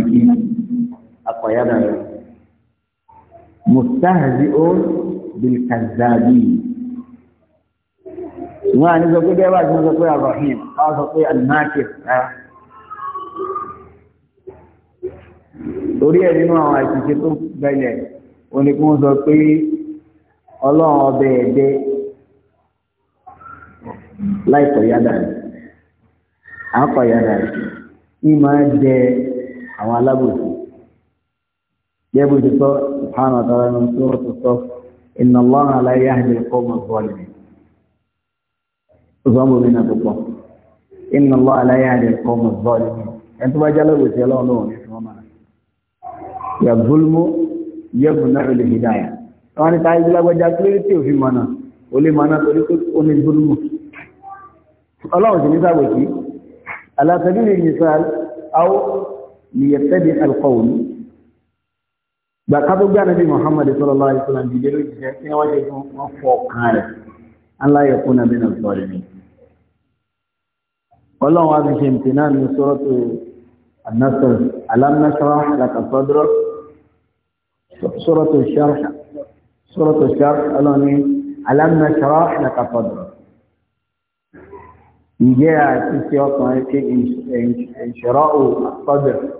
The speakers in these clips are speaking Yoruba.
jiki a kwaya da mustahzi'un bil kazzabi wa ni zo gode ba zo ko rahim ka zo ko al makir torí ẹ̀ nínú àwọn àṣìṣe tó gbẹlẹ̀ òní kí wọ́n sọ àwọn alábòsí gẹ́gẹ́ bó ti sọ subhanahu wa ta'ala ní sọ́rọ̀ tó sọ inna Allaha la yahdi al-qawma adh-dhalimin ó sọ mọ́ mi náà tó pọ̀ inna Allaha la yahdi al-qawma adh-dhalimin ẹni tó bá jẹ́ alábòsí ọlọ́run lọ́wọ́ ní fún ọmọ rẹ̀ yàgbólmó yẹ́gbùnà ìlú hidaya wọ́n ni ta ìlú lágbàjá tí ò mọ̀nà ó lè mọ̀nà torí pé ó ní gbólmó ọlọ́run sì ní sàbòsí alásẹ́bí ليتبع القول قال النبي محمد صلى الله عليه وسلم بيقول جاءتني وجهه مفوق هذا أن لا يكون من الظالمين والله هذا في امتنان من سورة النصر ألم نشرح لك صدرك سورة الشرح سورة الشرح ألم نشرح لك صدرك يجي في انشراء الصدر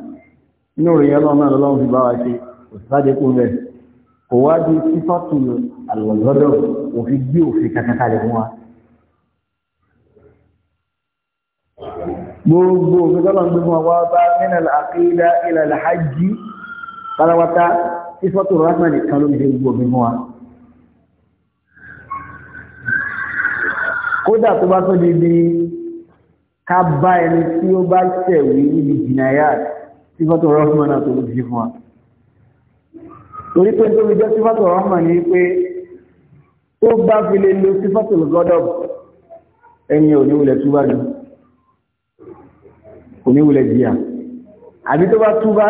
inú rẹ̀ yẹn lọ́nà lọ́wọ́ fi bá wa ṣe kò sáde kún rẹ̀ kò wá di sífàtù àlùwọ̀lọ́dọ̀ òfin gbé òfin kankan rẹ̀ fún wa. gbogbo òfin tọ́lọ̀ ń gbé fún wa bá nínú àkídá ilẹ̀ àlájì pátápátá sífàtù rahman nìkan ló ń ṣe gbogbo òfin fún wa. kódà tó bá tó di bí ká bá ẹni tí ó bá tẹ̀wé níbi jìnnà yára sífàtò rọ́fùmà náà tó lójú fún wa torí pé tó fi jẹ́ sífàtò rọ́fùmà ní pé tó bá fi lè lo sífàtò gọ́dọ̀b ẹni oníwulẹ̀ túbá ni oníwulẹ̀ jìyà àbí tó bá túbá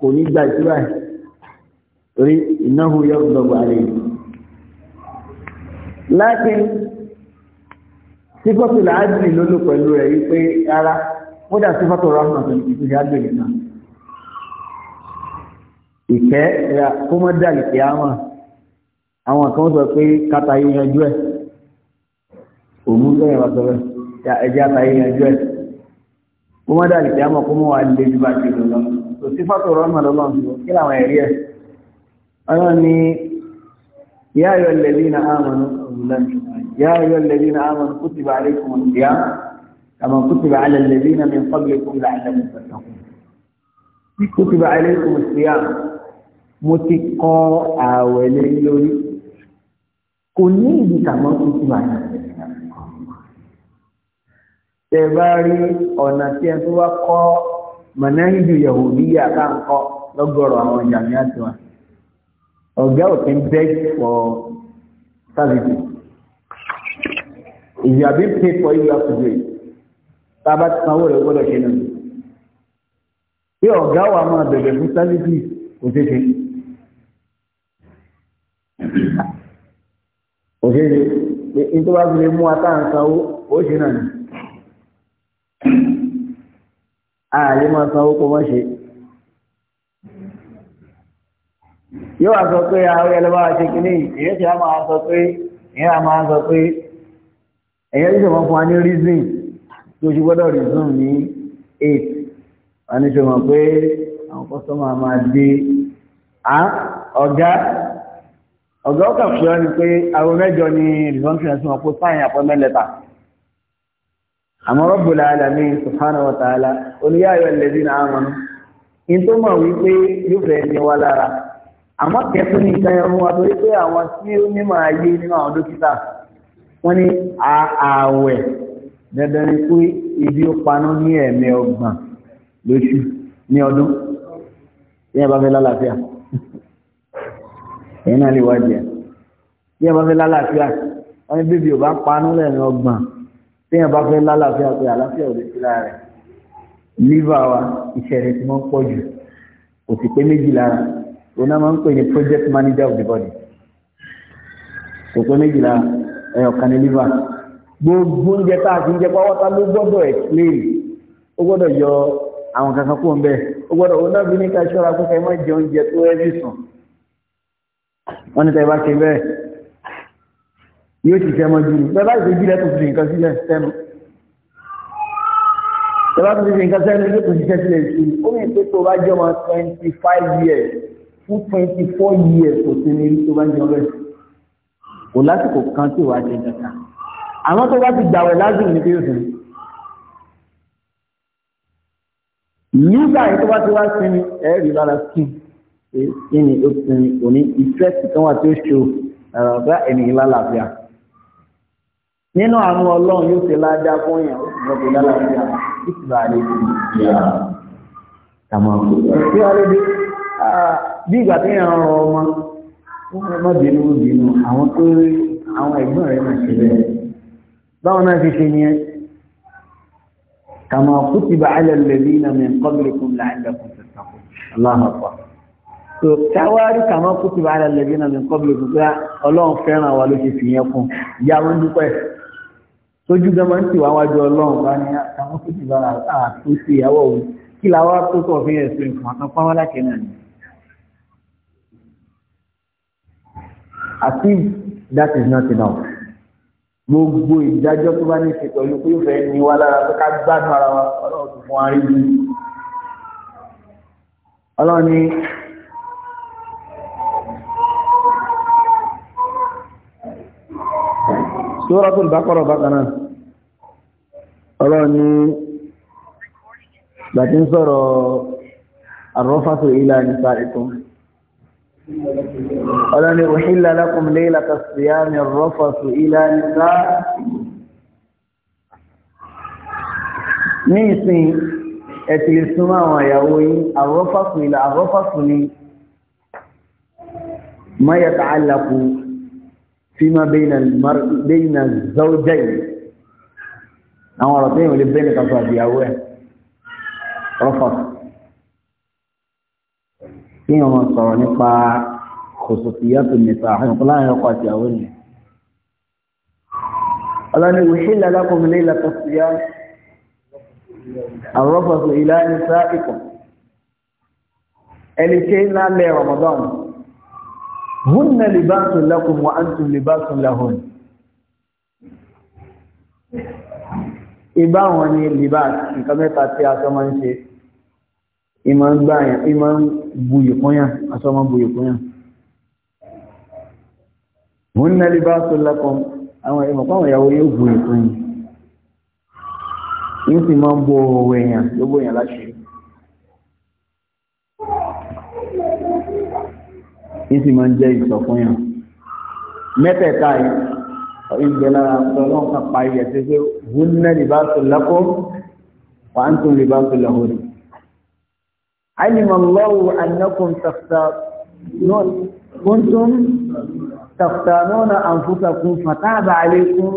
kò ní gba ìtúbá ẹ̀ torí innahu yaghdab alayhi lákin sífàtò làájì tó ti fi àgbègbè náà ìkẹ́ kó mọ́ dà lè kíámà àwọn kan sọ pé kátà yìí yanjú ẹ̀ òun lẹ́yìn wa sọ bẹ́ẹ̀ ẹjẹ́ àtà yìí yanjú ẹ̀ kó mọ́ dà lè kíámà kó mọ́ wà lè ju bá ti lò lọ kò sí fàtò rọ́nà lọ́lọ́ kí làwọn ẹ̀rí ẹ̀ ọlọ́run ni yá ayọ̀ lẹ́bí na àmọ́nù yá ayọ̀ lẹ́bí na àmọ́nù kutiba alaykum al-qiyam kama kutiba ala alladhina min qablikum la'allakum tattaqun kutiba alaykum as-siyam mo ti kọ ààwẹ̀ lé lórí kò ní ìdí kàmọ́ tuntun àná tẹ bá rí ọ̀nà tí ẹ tó wá kọ́ mọ̀nẹ́yìndù yahudiyya ká ń kọ́ lọ́gọ̀rọ̀ àwọn ìyàmí àtiwá ọ̀gá òfin beg for services if you are being paid for it you have to do it tá a bá ti sanwó rẹ̀ gbọ́dọ̀ ṣe náà bí ọ̀gá wa máa bẹ̀rẹ̀ fún services kò ṣeé ṣe òṣèlú ní tó bá fi lè mú atáǹsanwó ó ṣe náà ni ààrẹ máa sanwó kó mọ́ ṣe yóò wá sọ pé àwọn ẹlẹ́bàá ṣe kìíní èyí tí a máa sọ pé èyí a máa sọ pé èyí tí wọ́n fún wa ní reason tí o ṣe gbọ́dọ̀ reason ní eight wọ́n ní ṣe mọ̀ pé àwọn kọ́sọ́mà máa dé ọ̀gá ọ̀gá ọ̀kà fi ọ́ ni pé àwọn mẹ́jọ ni resumption sí wọn kó sáyìn appointment letter àmọ́ Rabbul Alamin subhanahu wa ta'ala oníyàwó lẹ́bí náà mọ̀ ní tó mọ̀ wípé yóò fẹ́ ní wá lára àmọ́ kẹtù ní nǹkan ẹ̀rọ wa torí pé àwọn tí ó ní máa yé nínú àwọn dókítà wọ́n ní ààwẹ̀ dandan ni pé ibi ó paná ní ẹ̀mẹ́ ọgbọ̀n lóṣù ní ọdún ní ẹ̀bá fẹ́ lálàáfíà ẹ̀yin náà lè wá jẹ bí ẹ bá fẹ́ lálàáfíà wọ́n ní bíbí ò bá panú lẹ́yìn ọgbọ̀n bí ẹ bá fẹ́ lálàáfíà pé àlàáfíà ò lè sí lára rẹ̀ lífà wa iṣẹ́ rẹ̀ ti máa ń pọ̀ jù kò sì pé méjì lára òun náà máa ń pè ní project manager of the body kò pé méjì lára ẹ̀yọ̀ kan ní lífà gbogbo oúnjẹ tá a ti ń jẹ pátá ló gbọ́dọ̀ explain ó gbọ́dọ̀ yọ àwọn kankan kúrò ń bẹ́ẹ̀ ó gbọ́dọ̀ òun náà bí ní ká ṣọ́ra pé ká má jẹ oúnjẹ tó ẹ́ wọ́n ní tẹ́bá ṣe bẹ́ẹ̀ yóò ti fẹ́ mọ́jú ní bẹ́ẹ̀ báyìí jílẹ̀ tó fi nǹkan sílẹ̀ sẹ́nu tẹ́bá tó fi nǹkan sẹ́nu yóò tó ṣiṣẹ́ sílẹ̀ sí i ó ní pé tó bá jẹ́ ọmọ twenty five years fún twenty four years kò sí ní tó bá jẹ́ ọ̀rẹ́ kò lásìkò kan tí wàá ṣe kàkà àmọ́ tó bá ti gbàwẹ̀ lásìkò ní pé nígbà yìí tó bá ti wá sinmi ẹ̀ẹ́rì lára skin kí ni ó ti ní kò ní ìfẹ́sì kan wà tí ó ṣe ọ̀rọ̀ ọ̀gá ènìyàn lálàáfíà nínú àánú ọlọ́run yóò ṣe ládàá fún yàn ó sì gbọ́dọ̀ lálàáfíà ìtura àlejò àmọ́ ìtura àlejò bí ìgbà tí yàn rọ ọmọ wọn má bínú bínú àwọn tó rí àwọn ẹ̀gbọ́n rẹ̀ náà ṣe bẹ́ẹ̀ báwọn náà ṣe ṣe nìyẹn kàmá kùtìbà alẹ́ lẹ́bí nàmẹ́ kọ́bìrì kùn láàrín lẹ́kùn tẹ̀sán Allahu tó káwárí kàmọ́ kú ti bára lẹ́bí náà ní kọ́bílì gbogbo ọlọ́run fẹ́ràn wa ló ṣe fi yẹn kún ìyá wọn dúpẹ́ tójú gan máa ń tìwá wájú ọlọ́run bá ní àwọn kú ti bára àtún sí ìyàwó òun kí làwọn tó tọ̀ fi yẹn sí nǹkan kan pàwọn lákẹ́ náà ni. àti that is not enough gbogbo ìdájọ́ tó bá ní ṣe pẹ̀lú pé ó fẹ́ ní wá lára pé ká gbádùn ara wa ọlọ́run tó fún wa rí bí ọlọ́run ní. Suratul Baqarah bákan náà ọ̀rọ̀ ni láti ń sọ̀rọ̀ àrọ́fàṣọ ilá nìta ìtún ọ̀rọ̀ ni uhilla lakum laylata siyami àrọ́fàṣọ ilá nìta ní ìsìn ẹ̀tì ìsúnmọ́ àwọn àyàwó yìí àrọ́fàṣọ ilá àrọ́fàṣọ ni ma yata'allaqu فيما بين المرء بين الزوجين أنا أرى اللي بينك يا وين رفض فيما ما صار نفا خصوصيات النساء لا يقاتي أولي الله نوحل لكم ليلة الصيام الرفض إلى نسائكم اللي كينا لرمضان رمضان hunna libasun lakum wa antum libasun lahun ìbá wọn ni libas nǹkan mẹ́ta tí aṣọ máa ń ṣe ìmọ̀ ń gbáyàn ìmọ̀ ń buyì kúnyàn aṣọ máa ń buyì hunna libasun lakum àwọn ìmọ̀ pàwọn ìyàwó yóò buyì kúnyàn yóò sì máa ń bo owó èèyàn lóbó èèyàn láṣẹ ìsì máa ń jẹ́ ìsọ̀fúnyàn mẹ́tẹ̀ẹ̀ta yìí ìgbẹ́ lára ọlọ́run kan pa iyẹ̀ tí pé hunna libasul lakum wa tún ń antum libasul lahun alima Allahu annakum taftanun kuntum taftanuna anfusakum fataba alaykum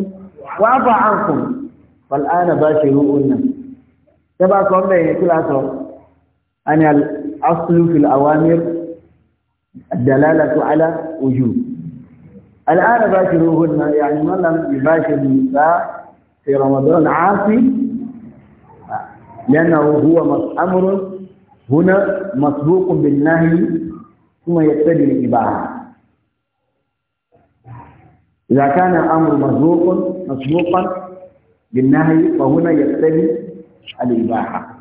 wa bá afa ankum fal ana bashiruhunna tẹ́bà kan yẹn kí lásọ̀ ani al aslu fil awamir الدلالة على وجوب الآن باشروهن يعني من لم يباشر النساء في رمضان عاصي لأنه هو أمر هنا مسبوق بالنهي ثم يقتدي الإباحة إذا كان الأمر مسبوق مسبوقا بالنهي فهنا يقتدي الإباحة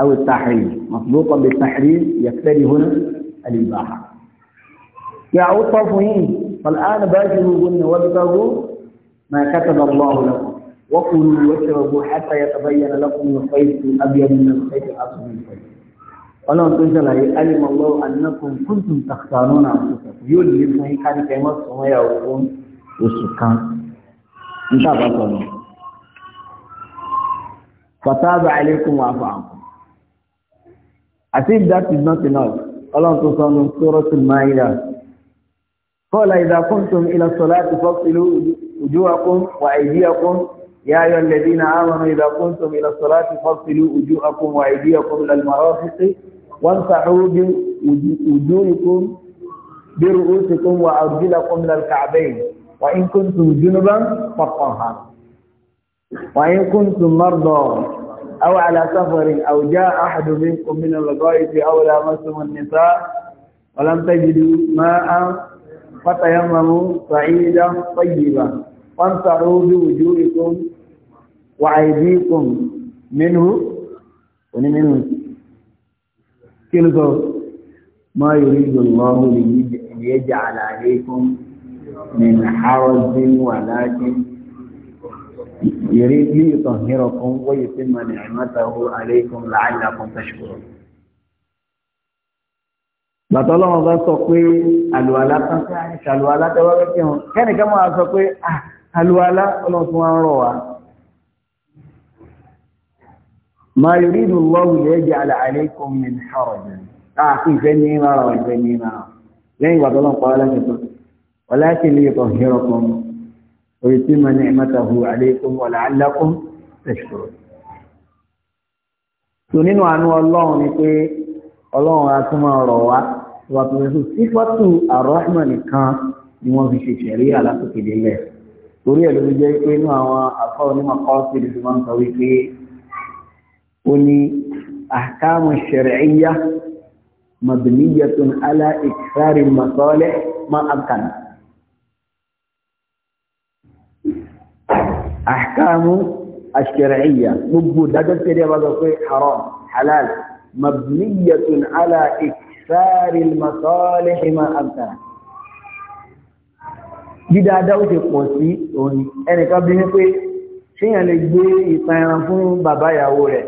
أو التحريم مخلوطا بالتحريم يكتري هنا الإباحة يعود طرفين فالآن باجروا قلنا وابتغوا ما كتب الله لكم وكلوا واشربوا حتى يتبين لكم الخيط الأبيض من الخيط الأسود من الخيط قالوا أن تنزل علم الله أنكم كنتم تختارون أنفسكم يقول لي إنه كان كيما السماء يعرفون والسكان انتهى فتاب عليكم وعفى I think that is not enough. Allah to sanu Surah Al-Ma'idah. قال إذا كنتم إلى الصلاة فاغسلوا وجوهكم وأيديكم يا أيها الذين آمنوا إذا كنتم إلى الصلاة فاغسلوا وجوهكم وأيديكم إلى المرافق وامسحوا بوجوهكم برؤوسكم وأرجلكم إلى الكعبين وإن كنتم جنبا فاطهروا وإن كنتم مرضى أو على سفر أو جاء أحد منكم من الغائط أو لامستم النساء ولم تجدوا ماء فتيمموا صعيدا طيبا وانصروا بوجوهكم وأيديكم منه ونمنه كله ما يريد الله ليجعل عليكم من حرج ولكن يريد ليطهركم ويتم نعمته عليكم لعلكم تشكرون bàtọ́lọ́ wọn bá sọ pé àlùwàlá kan sí àlùwàlá tẹ́wọ́ pé hàn kẹ́nìkan máa sọ pé àlùwàlá ọlọ́tún wa ń rọ̀ wá. ma yuridu Allahu liyaj'ala alaykum min haraj láàfin ìfẹ́ ní ìmára ìfẹ́ ní ìmára lẹ́yìn bàtọ́lọ́ ń pa wá lẹ́yìn tó walakin liyutahhirakum ويتم نعمته عليكم ولعلكم تشكرون so nínú àánú ọlọ́run ni pé ọlọ́run a tún máa rọ̀ wá wà tó fẹ́ sífọ́tù àrọ́hìmọ̀ nìkan ni wọ́n fi ṣe ṣẹ̀rí alásòkè délẹ̀ torí ẹ̀ ló fi jẹ́ pé inú àwọn afọ́ onímọ̀ kọ́ọ̀sì ti máa ń sọ wípé ó ní àkáàmù ṣẹ̀rẹ̀ẹ́yà mabniyatun ala ikthari masalih ma amkana àkàmú àṣẹ̀rẹ̀ẹ́yà gbogbo dájọ́ tẹ́lẹ̀ bá sọ pé haram halal mabniyatun ala ikisari masalihi ma amtara dídáadá ó ti pọ̀ sí òní ẹnìkan bí wípé ṣíyàn lè gbé ìtàn ẹran fún bàbá ìyàwó rẹ̀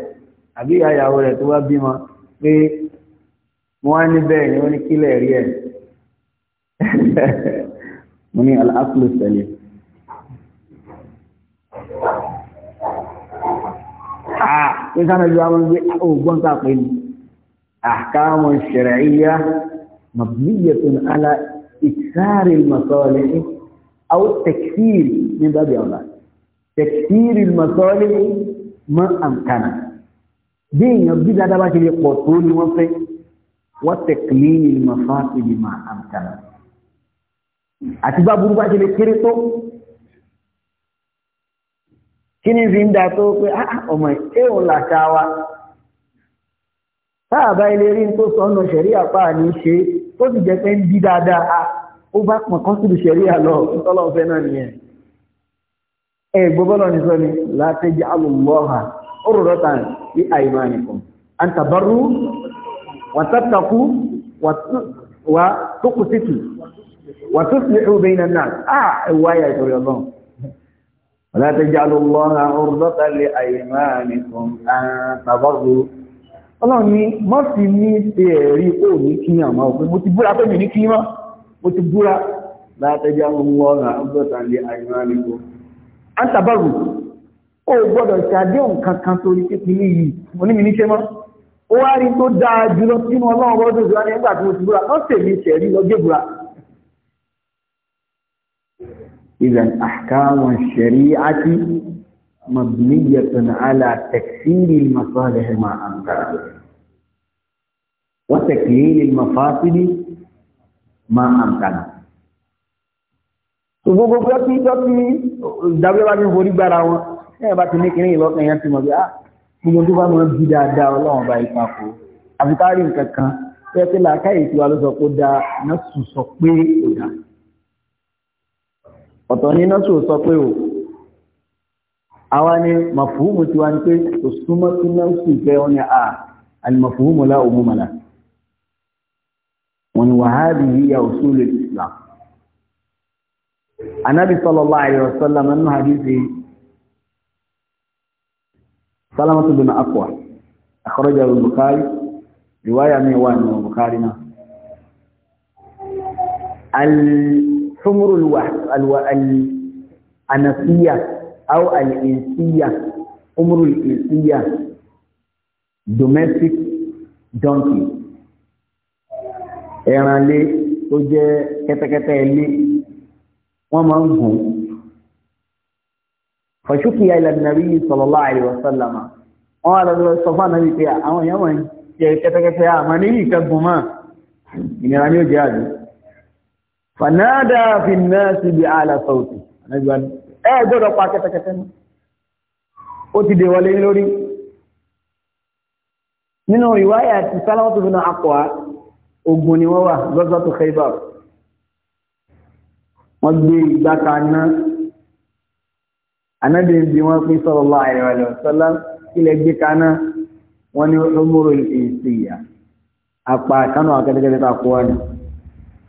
àbí ìyá ìyàwó rẹ̀ tó bá bímọ pé wọ́n á níbẹ̀ ni wọ́n ní kílẹ̀ rí ẹ̀ mo ní aláàkùlù sẹ́lẹ̀ ní sáà nàìjíríà wọn gbé ògbọ́n tá a pè ní àkàmù ṣẹ̀rẹ̀yà mabniyatun ala ìtsáàrí masọ́ọ̀lì àwọn tẹ̀kíìrì ní bábí ọ̀la tẹ̀kíìrì masọ́ọ̀lì mọ́ àǹkànà bí èèyàn bí dáadáa bá ṣe lè pọ̀ tó ni wọ́n fẹ́ wọ́n tẹ̀kíìrì masọ́ọ̀lì mọ́ àǹkànà kí ni fi ń da tó pé ah, ah, ọmọ ẹ̀hùn làṣà wa sáàbá ilé rí tó sọ́nà ṣẹ̀rí àpá ní ṣe tó sì jẹ́ pé ń bí dáadáa ah, ó bá pọ̀ kọ́ síbi ṣẹ̀rí àlọ́ tọ́lọ́fẹ́ náà nìyẹn ẹ gbọ́bọ́lọ́ ní sọ ni látẹ́jẹ́ alùmọ́ha ó rọ̀ rọ́ta sí àìmá nìkan an tàbárú wà tàbtàkú wà tó wà tó sì ẹ̀hùn náà ẹ̀wọ́ ayà ìtòrí ọlọ́run ولا تجعلوا الله عرضة لأيمانكم أن تبروا Ọlọ́run ni má fi ní ṣe ẹ̀rí ó ní kí àmà òfin mo ti búra pé mi ní kí mọ́ mo ti búra látẹjá ohun ọ̀nà ọgbọ́ta lè àìmọ́ àríkò. a ń tàbárù ó gbọ́dọ̀ ṣàdéhùn kankan torí kékeré yìí mo ní mi ní mọ́ ó wá rí tó dáa jùlọ sínú Ọlọ́run ọgbọ́dọ̀ إذن أحكام الشريعة مبنية على تكسير المصالح مع أمثالها وتكليل المفاسد مع أمثالها gbogbo gbọ́tí tọ́tí dábẹ́bá ní forí gbára wọn ẹ̀yẹ̀ bá ti ní kìíní ìlọ́kàn yẹn ti mọ̀ bí ah, gbogbo tó bá mọ̀ bí dáadáa ọlọ́run bá ipa kó àfikárì nǹkan kan tẹ́tí làákàyè tí wà ló sọ pé ó dáa náà sùn sọ pé ó dáa ọ̀tọ̀ ní nọ́sù sọ pé o àwa ni màfúhùmù pé wa ni pé kò súnmọ́ sí nọ́sù jẹ́ wọn ni a màfúhùmù lá òun mọ̀lá wọn ni wàhálì yìí ya òṣù òṣùlù islam anabi sọlọ sallallahu alaihi wasallam nínú hadithi salamatu bin aqwa akhrajahu al-bukhari ìwáyà mi wa ni bukhari náà. حمر الأنسية أو الإنسية حمر الإنسية domestic donkey ẹran lé tó jẹ́ kẹ́tẹ́kẹ́tẹ́ ilé wọ́n máa ń gùn fàṣùkì àìlànàrí sọlọ́lá àìwọ̀sálàmà wọ́n wà lọ́dọ́ sọfà náà wípé àwọn èèyàn wọ̀nyí jẹ́ kẹ́tẹ́kẹ́tẹ́ àmà ní ìkẹ́gùn máa ìnira ni ó jẹ́ àdúgbò fanada fi nasi bi ala sauti anagbani ẹ gbọ́dọ̀ pa kẹ́tẹ́kẹ́tẹ́ ní ó ti dè wọlé lórí nínú ìwáyà ti sálọ́wọ́ tó fi náà akọ̀wá ogun ni wọ́n wà lọ́sọ́ tó Khaybar wọ́n gbé ìgbà kan náà anábìrin bí wọ́n pín sallallahu alaihi wasallam ilẹ̀ gbé kan náà wọ́n ní ọmọrò ìsìyà apá kánú akẹ́tẹ́kẹ́tẹ́ tó akọ́wá ni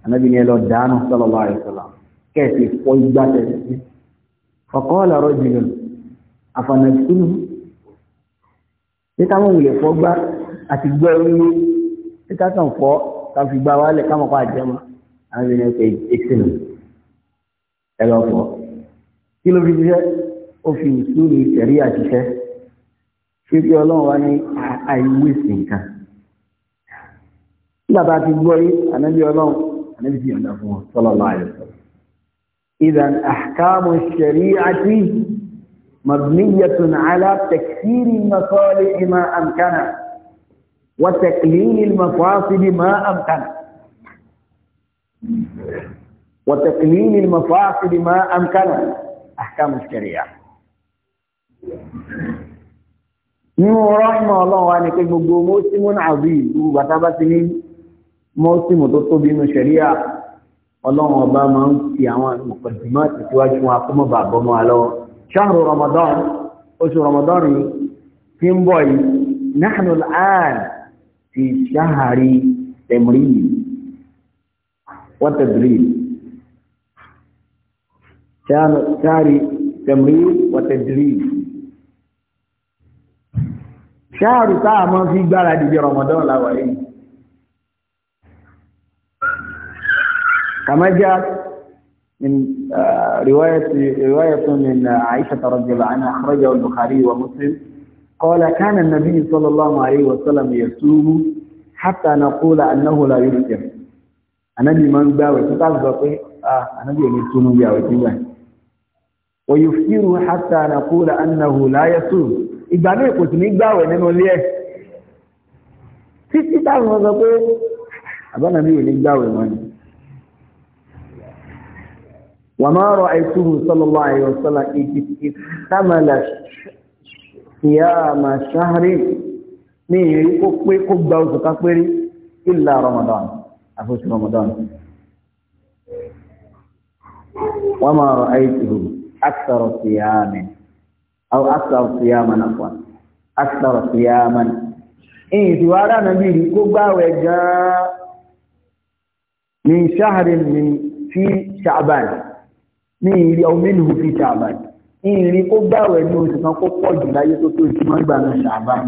anabi ni ẹlọ dànù sallallahu alaihi wasallam kẹsì fọ igbá tẹsí faqala rajulun àfànàtúnú títà wọn wulẹ fọ gbá àti gbọ ẹrú títà kan fọ káfi gbá wálẹ káwọn kọ àjẹmọ anabi ni ẹsẹ ìṣẹ̀lẹ̀ ẹlọ fọ kí ló fi ṣiṣẹ́ ó fi ìṣúrí ìṣẹ̀rí àṣiṣẹ fífi Ọlọ́run wa ní àìwé sí nǹkan nígbà tá a ti gbọ́ yìí ànábi Ọlọ́run. النبي صلى الله عليه وسلم إذا أحكام الشريعة مبنية على تكثير المصالح ما أمكن وتقليل المفاصل ما أمكن وتقليل المفاصل ما أمكن أحكام الشريعة nínú رحمه الله wa ni pé gbogbo mọ́símọ́n àbí ti ní mọ́símù tó tóbi inú ṣẹ̀ríà ọlọ́run ọba máa ń fi àwọn mọ̀kàndínmọ́ tẹ̀síwájú wọn akọ́mọ̀bà bọ́mọ́ àlọ́ ṣáàrù ramadan oṣù ramadan tí ń bọ̀ yìí nahnu al'an fi ṣáàrí tẹ̀mìrì wọ́tẹ̀dìrì ṣáàrí tẹ̀mìrì wọ́tẹ̀dìrì ṣáàrù táà máa fi gbára dìde ramadan láwàá yìí كما جاء من آه، رواية رواية من عائشة رضي الله عنها أخرجه البخاري ومسلم قال كان النبي صلى الله عليه وسلم يسوم حتى نقول أنه لا يفطر النبي من داوي تتعرف آه يسوم باوي بيعوي ويفطر حتى نقول أنه لا يسوم إذا ni iko si ni gbawe في ile e titi tawon so pe وما رأيته صلى الله عليه وسلم احتمل صيام شهر من يقوي قبض إلا رمضان أفوش رمضان وما رأيته أكثر صياما أو أكثر صياما عفوا أكثر صياما إيه دوار النبي قبض وجاء من شهر من في شعبان ní ìrì ọmọ ìlú fi ṣàbàn ìrìn kó bá wẹ̀ ní oṣù kan kó pọ̀ jù láyé tó tó ìtumọ̀ ìgbà ní ṣàbàn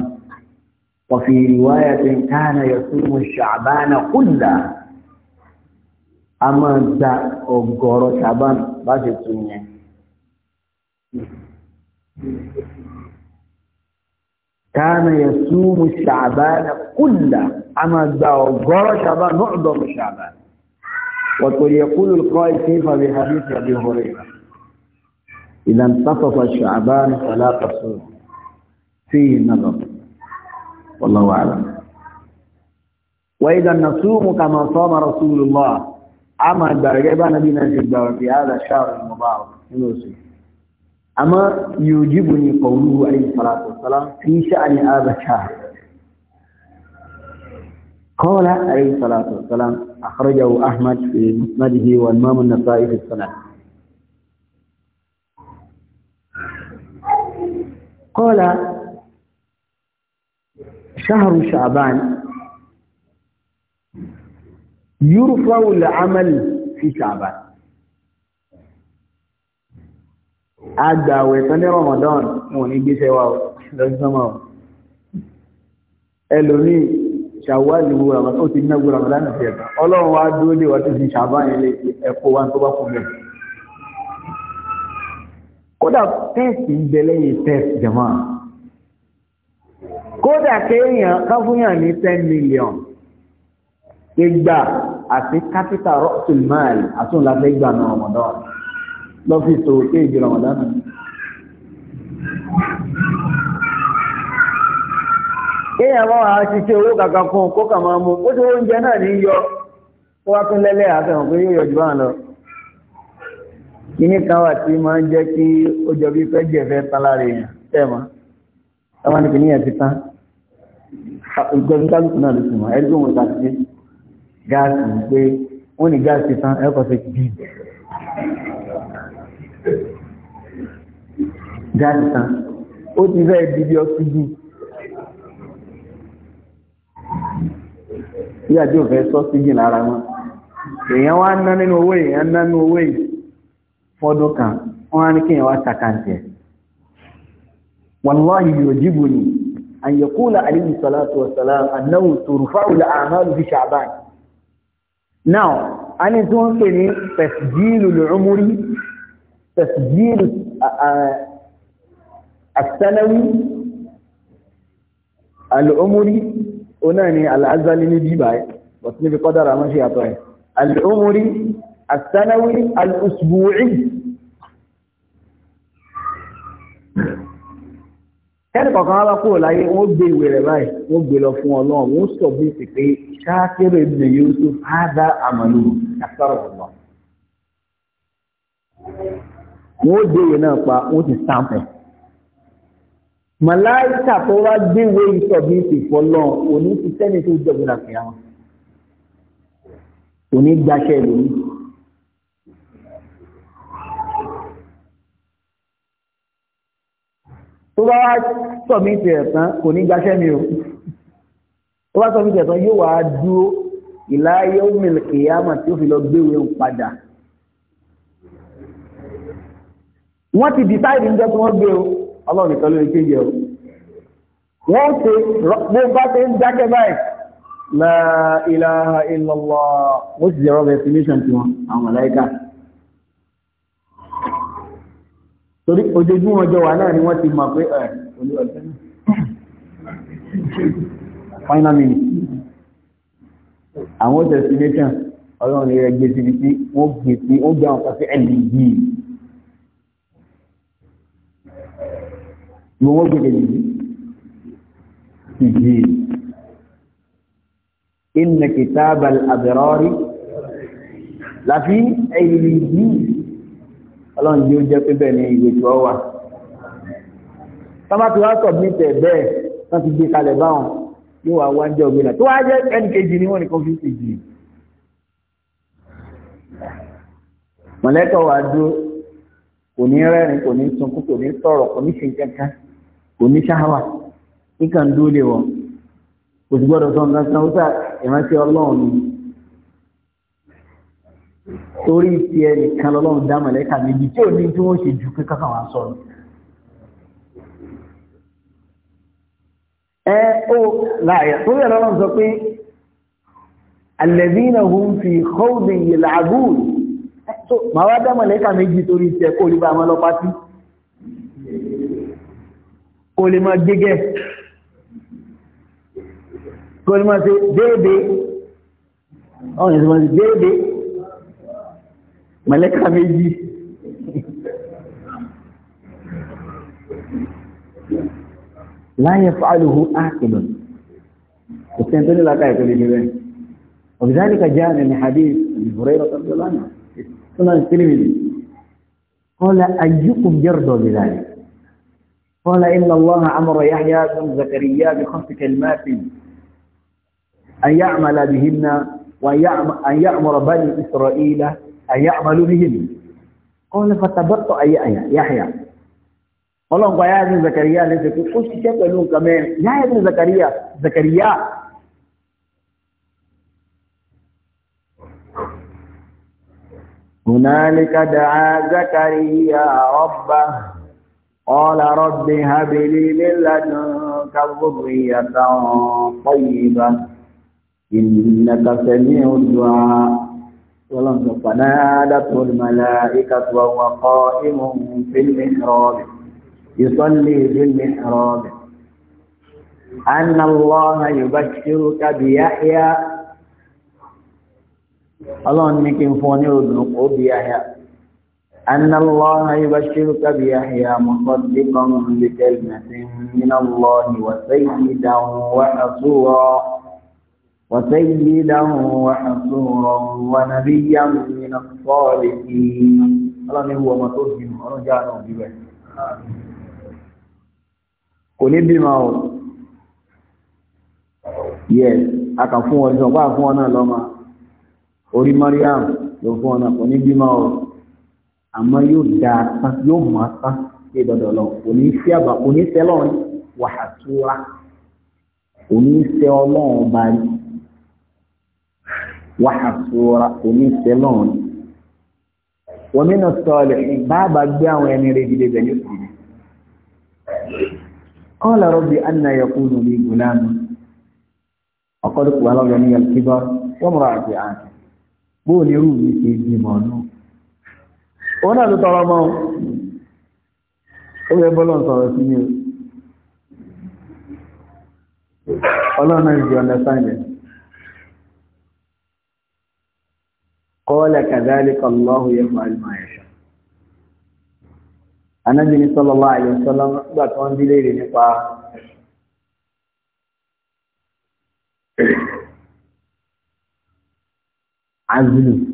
wọ̀fì ìrìwáyà tó ń káàna yọ̀tún mu ṣàbàn kúlà a máa gba ọgọ́rọ̀ ṣàbàn bá ṣe tún yẹn. káàna yọ̀tún mu ṣàbàn kúlà a máa gba ọgọ́rọ̀ ṣàbàn ní ọ̀dọ̀ mu ṣàbàn. وقد يقول القائل كيف بحديث أبي هريرة إذا انتصف شعبان فلا تصوم فيه نظر والله أعلم وإذا نصوم كما صام رسول الله أما الدرجة نبينا في في هذا الشهر المبارك يوسف أما يوجبني قوله عليه الصلاة والسلام في شأن هذا الشهر قال عليه الصلاة والسلام أخرجه أحمد في مسنده والإمام النسائي في السنة قال شهر شعبان يرفع العمل في شعبان أدى tán رمضان ونجي سواه ní سماه ṣàwálì wo ramadan ó ti ní ẹgbẹ́ ramadan ti ẹ̀ka ọlọ́run wá dúró lè wá tó fi ṣàbáyé lè fi ẹ̀kọ́ wa tó bá kú bẹ́ẹ̀. kódà tẹ́ẹ̀sì ń bẹ lẹ́yìn tẹ́ẹ̀sì jẹ̀mọ́ kódà kéèyàn káfúnyàn ní ten million gbígbà àti capital rock to mile àtúnlá fẹ́ gbà ní ramadan lọ́fíìsì òkè ìdí ramadan náà. kéèyàn máa wà ṣiṣẹ́ owó kankan fún un kó kà máa mú ó ti oúnjẹ náà ní yọ ó wá tún lẹ́lẹ́ àfihàn pé yóò yọ jù báà lọ. kíní kan wà tí máa ń jẹ́ kí ó jọ bí fẹ́ jẹ̀fẹ́ tán lára èèyàn tẹ̀ mọ́ táwọn ní kíní yẹn ti tán ìgbẹ́ni kálukú náà ló sì mọ́ ẹgbẹ́ òun ta sí gáàsì pé wọ́n ní gáàsì tán ẹ̀kọ́ sí bíi gáàsì tán ó ti fẹ́ di bí ọtí tí àjò fẹ́ sọ síjì lára wọn èèyàn wá ná nínú owó èèyàn ná nínú owó yìí fọ́dún kan wọ́n á ní kí èèyàn wá takáǹtì ẹ̀ wallahi yujibu ni an yaqula alayhi salatu wa salam annahu turfa'u al-a'malu fi sha'ban now a ní tí wọ́n pè ní tasjilu al-umri tasjilu as náà ni al-Ghazali ní bíbá ẹ̀ bọ̀tí níbi kọ́dára mọ́ sí àtọ́ ẹ̀ al-umri as-sanawi al-usbu'i kẹ́ni kọ̀ọ̀kan wá kúrò láyé wọ́n gbé ìwé rẹ̀ báyìí wọ́n gbé lọ fún ọlọ́run wọ́n sọ bí sì pé ṣáàkiri ibn Yusuf hádà àmàlù kàtàrà ọ̀nà wọ́n gbé ìwé náà pa wọ́n ti sáǹpù màláìkà tó wá gbéwé ìsọ̀bí ti fọlọ́ òní ti sẹ́ni tó jọ̀gbọ́n àti àwọn òní gbaṣẹ́ lónìí. tó bá wá sọ̀mí ti ẹ̀sán òní gbaṣẹ́ mi o tó bá sọ̀mí ti ẹ̀sán yóò wá dúró ìláyé òmìnir kìyàmà tí ó fi lọ gbéwé ń padà. wọ́n ti dìsáìdì ń jẹ́ wọ́n gbé o ọlọ́run nìkan ló lè kéjì ọ wọ́n ṣe bó bá ṣe ń dákẹ́ báyìí la ilaha illallah wọ́n sì jẹ́rọ definition tí wọ́n àwọn màláíkà torí ojoojúmọ́ ọjọ́ wa náà ni wọ́n ti mọ̀ pé ẹ̀ olú ọ̀tẹ́ náà final minute àwọn destination ọlọ́run rẹ̀ gbé síbi tí wọ́n gbé sí ó gbé àwọn kan sí ẹ̀lì yìí ìwọ̀n wọ́n gbẹ̀gbẹ̀ yìí ìjì inna kitabal abirari láfi ẹ̀yìn yìí ọlọ́run yóò jẹ́ pé bẹ́ẹ̀ ni ìwé tí wọ́n wà tọ́mátì wá sọ̀ ní tẹ̀ bẹ́ẹ̀ wọ́n ti gbé kalẹ̀ báwọn yóò wá wá jẹ́ ògbéra tó wá jẹ́ ẹnì kejì ni wọ́n nìkan fi ti mọ̀lẹ́kọ̀ wá dúró kò ní rẹ́rìn kò ní sunkún kò ní sọ̀rọ̀ kò ní ṣe kankan kò ní ṣáhàwà nǹkan dúró lé wọn kò sì gbọ́dọ̀ sọ nǹkan kan ó sà ọlọ́run ni torí ti ẹnìkan lọ́lọ́run dá mọ̀lẹ́kà méjì tí ò ní tí wọ́n ṣe ju pé kákan wá sọ̀rọ̀. ẹ ó láàyè torí ẹ lọ́lọ́run sọ pé alladhina hum fi khawdin yìí màá wá dá mọ̀lẹ́kà méjì torí ti ẹ kó olùbá àwọn ọlọ́pàá sí. kò lè máa gẹ́gẹ́ kò lè máa ṣe bebe ọ̀rìn ìṣẹ́ máa ṣe déédé mẹ́lẹ́ka méjì láyé fàálùhù ákìlù òṣèǹ tó nílá káyẹ̀ tó ní rẹ̀ وبذلك جاء من حديث ابي هريره رضي الله عنه سنن الترمذي قال ايكم يرضى بذلك قال إن الله أمر يحيى بن زكريا بخمس كلمات أن يعمل بهن وأن يأمر بني إسرائيل أن يعملوا بهن قال فتبطع يحيى قال لهم يا ابن زكريا ليس كنت قلت كيف لهم كمان يا ابن زكريا زكريا هنالك دعا زكريا ربه قال رب هب لي من لدنك ذرية طيبة إنك سميع الدعاء ولم فنادته الملائكة وهو قائم في المحراب يصلي في المحراب أن الله يبشرك بيحيى الله أنك فوني ودنك بيحيى أن الله يبشرك بيحيى مصدقا بكلمة من الله وسيدا وحصورا وسيدا وحصورا ونبيا من الصالحين الله هو مطلوب ورجعنا به قل بما هو yes aka ọjọ́ pa fún ọ̀nà lọ́mà orí Mariam ló fún ọ̀nà kò ní bímọ ọ̀rọ̀ àmọ́ yóò da tán yóò mọ̀ tán sí ìdọ̀dọ̀ lọ òní sí àbá òní sẹ́ lọ́rin wàhátúrà òní sẹ́ ọlọ́run ọba rí wàhátúrà òní sẹ́ lọ́rin. wọ́n mí nà sọ̀rọ̀ bàbá gbé àwọn ẹni rẹ̀ dìde bẹ̀ yóò sì قال رب أن يكون لي غلام وقد بلغني الكبر وامرأتي عاقر bóò ní irú mi ṣe bímọ náà òun náà ló tọrọ mọ́ ó yẹ bọ́lọ̀ sọ̀rọ̀ sí ní ọlọ́run ìjọ understand it قال كذلك الله يفعل ما يشاء النبي صلى الله عليه وسلم gbà tó nípa azlu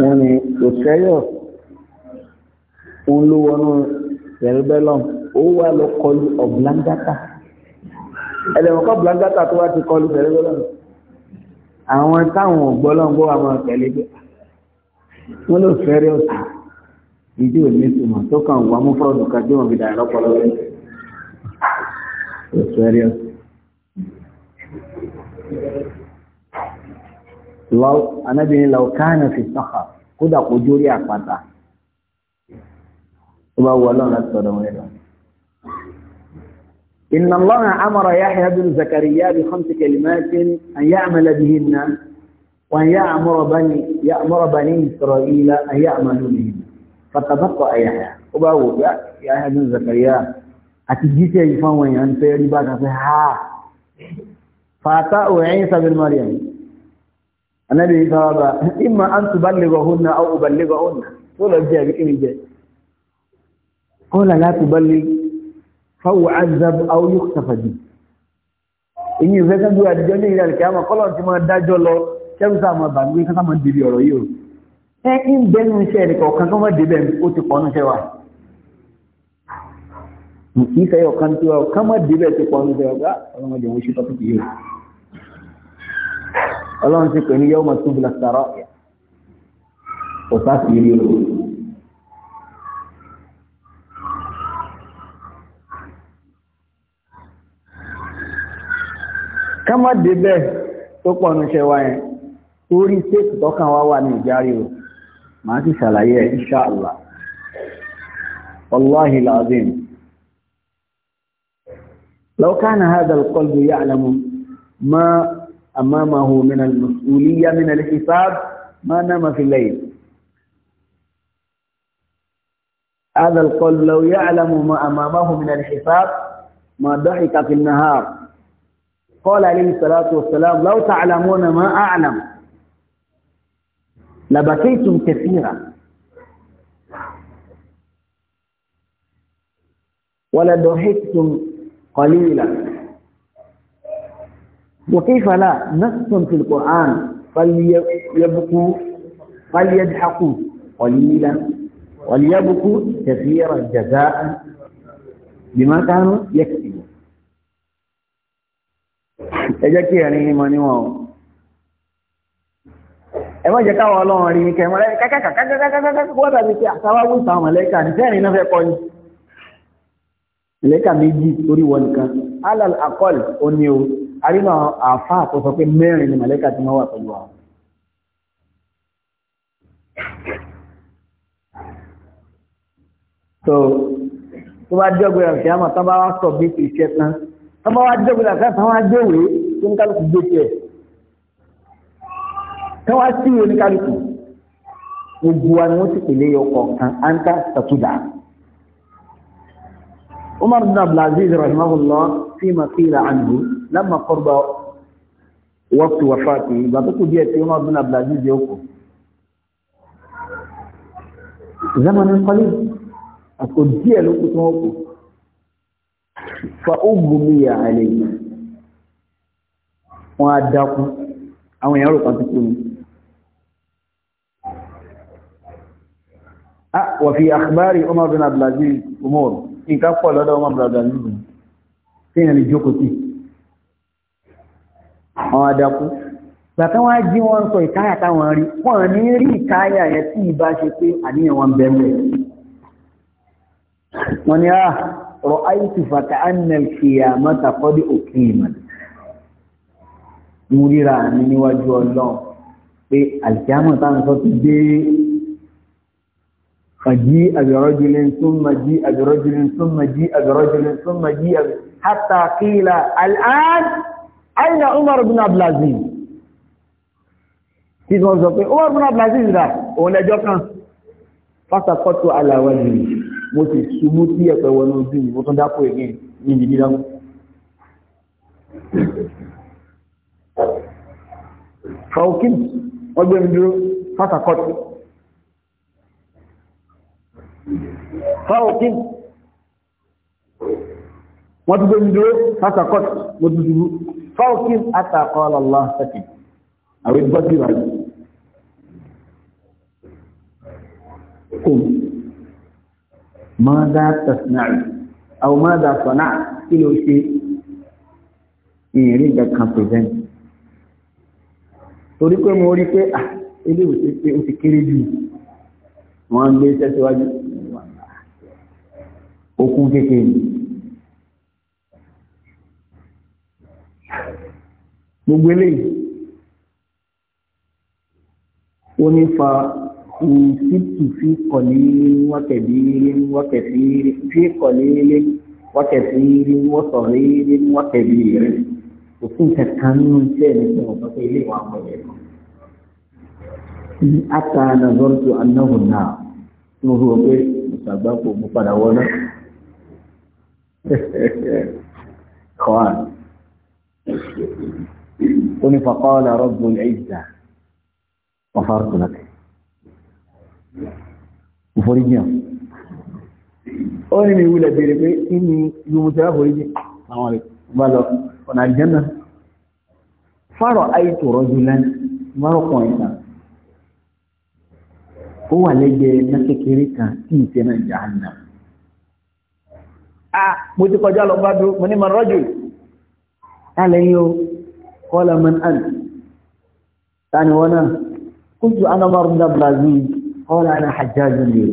wọ́n ní òṣèyọ̀ òun ló wọnú cerebellum ó wà lọ kọlu ọ̀blangata ẹlẹ́wọ̀nkọ́ ọ̀blangata tó wá ti kọlu cerebellum àwọn táwọn ògbọ́lọ́ngbọ́ àwọn tẹ̀lé pé ah, wọ́n lọ fẹ́rẹ́ ọ̀tà ìdí òní ìtumọ̀ tó kàn wà mú fọ́ọ̀dù ká tí wọ́n fi dàrọ́ pọ̀lọ́ rẹ̀ lọ لو انا fi لو كان في jórí àpáta قجوري اقطع wọ ọlọ́run láti sọ̀dọ̀ إن الله أمر يحيى بن زكريا بخمس كلمات أن يعمل بهن وأن يأمر بني يأمر بني إسرائيل أن يعملوا بهن فتبقى يحيى وباو يحيى بن زكريا أتجيتي يفهم أن انت باكا فها فأتاء عيسى بن مريم anábì ìfàwà bá ìmọ̀ à ń tùbá lẹ́gọ̀ hún náà ó bà lẹ́gọ̀ hún náà tó lọ jẹ́ àbí kìíní jẹ́ kọ́lá láti bá lé fáwọ̀ azab àwọn yóò tàfàdì èyí ìfẹ́ kan gbúra àdìjọ́ ní ìrìn àlùkẹ́ àmọ́ kọ́lọ̀ ti máa dájọ́ lọ kẹ́rù sáà máa bà nígbé kásá máa dìbì ọ̀rọ̀ yìí o ẹ ń bẹnu iṣẹ́ ẹ̀rẹ̀ ti pọ̀nù iṣẹ́ wa ìfẹ́ ọ̀kan tó wà ti pọ̀nù iṣẹ́ wa ọlọ́mọdé wọn ṣe tọ́pù yìí o ọlọ́run ti pè ní yọ́mọ̀ tó bùlọ̀ sàrọ̀ kò sáfì rí o. ká má débẹ̀ tó pọ̀ ní ṣe wá yẹn torí séèkì tọ́kàn wá wà ní ìjárí o màá sì ṣàlàyé ẹ̀ inṣàlá wàláhì làzim لو كان هذا القلب يعلم ما أمامه من المسؤولية من الحساب ما نام في الليل هذا القول لو يعلم ما أمامه من الحساب ما ضحك في النهار قال عليه الصلاة والسلام لو تعلمون ما أعلم لبكيتم كثيرا ولضحكتم قليلا وكيف لا نص في القرآن فليبكوا فليضحكوا قليلا وليبكوا كثيرا جزاء بما كانوا يكسبون ẹ jẹ́ kí ẹ̀rin ni mo ní wọn o ẹ má jẹ́ káwọn ọlọ́run rí ní kẹ́ mọ́lẹ́ kákàkàkàkàkàkà wọ́n dàbí pé àtàwáwù ìtàwọn mọ̀lẹ́kà ní sẹ́rin náà fẹ́ kọ́ ni mọ̀lẹ́kà méjì torí wọn nìkan alal akọ́l ó ní o àrínà àfá àkọsọ pé mẹ́rin ni màlẹ́kà tí wọ́n wà pẹ̀lú wa so tó bá jẹ́gbé ọ̀sẹ̀ àmà tán bá wá sọ bí ti iṣẹ́ tán tán bá wá jẹ́gbé ọ̀sẹ̀ tán wá jẹ́wé tó ń kálukú gbé tiẹ̀ rahimahullah fi ma qila anhu lámà kọ́rọ̀bà wọ́pù wàfáàtì ìgbà tó kù díẹ̀ tí wọ́n bí nàbìlàjú jẹ́ òkú zamani kọ́lé àkó díẹ̀ ló kù tó wọ́n kù fa ogun mi yà àlẹ́ yìí wọ́n á dákú àwọn èèyàn rò kan tó kù ni. wàfi àkùbárì Umar bin Abdulaziz Umar nǹkan pọ̀ lọ́dọ̀ Umar bin Abdulaziz tí ìyẹn lè jókòó sí i àwọn adakú gbàtán wá jí wọn sọ ìkáyà táwọn rí wọn ní rí ìkáyà yẹn tí ìbá ṣe pé àníyàn wọn bẹ̀rẹ̀ wọn ni a ah, rọ àìsí fàtà annel kìyà mọ́ta kọ́dí òkè ìmọ̀ mú ríra mi níwájú ọlọ́run pé àlìkíámọ̀ táwọn sọ ti dé فجيء برجل ثم جيء برجل ثم جيء برجل ثم جيء حتى قيل الآن aina umar bin abdulaziz tí wọ́n sọ pé umar bin abdulaziz rà òun lẹ́jọ́ kan fásakọ́tù aláwọ̀ yìí mo sì ṣubú tí ẹ̀pẹ̀ wọnú ojú mi mo tún dápò èmi ní ìdí dídámú fàókì ọgbẹ́ mi dúró fásakọ́tù fàókì wọ́n tún gbé mi dúró fásakọ́tù mo tún ṣubú Fawqif hatta qala Allah sakit. Awit buat di mana? Kum. Mada tasna'u. Atau mada sana' Kilo isi. Ini dah confident. Torí pé mo rí pé à ah, ilé òṣèṣe ó ti kéré jù. Wọ́n gbé iṣẹ́ síwájú. kékeré. gbogbo eléyìí ó ní fa ìsìtì fi kọ̀lílé wákẹ̀bílé wákẹ̀fílé fi kọ̀lílé wákẹ̀fílé wọ́sọ̀rílé wákẹ̀bílé òfin kankan nínú iṣẹ́ mi sọ̀rọ̀ lọ́sẹ̀ ilé ìwà àwọn ẹ̀rọ. ní ata nàzọ́rọ̀tù anáhùn náà tí mo pé ìṣàgbá kò mú padà wọ́ná. kọ́ àná. قل فقال رب العزة غفرت لك ìforíjìn ó ní mi wúlẹ̀ bèèrè pé kí ni yóò tẹ́lá foríjìn àwọn rẹ̀ bá lọ ọ̀nà àjẹ́nà fárọ̀ àìtò ó wà lẹ́gbẹ̀ẹ́ ná kan tí ìtẹ́ náà jà ánà ah mo ti kọjá lọ bá dúró mo ní mọ̀ rọ́jú lálẹ́ yóò kọ́lá man ant tani wọ́n náà kújù anamaru ní abdulaziz kọ́lá ana hajjájú lè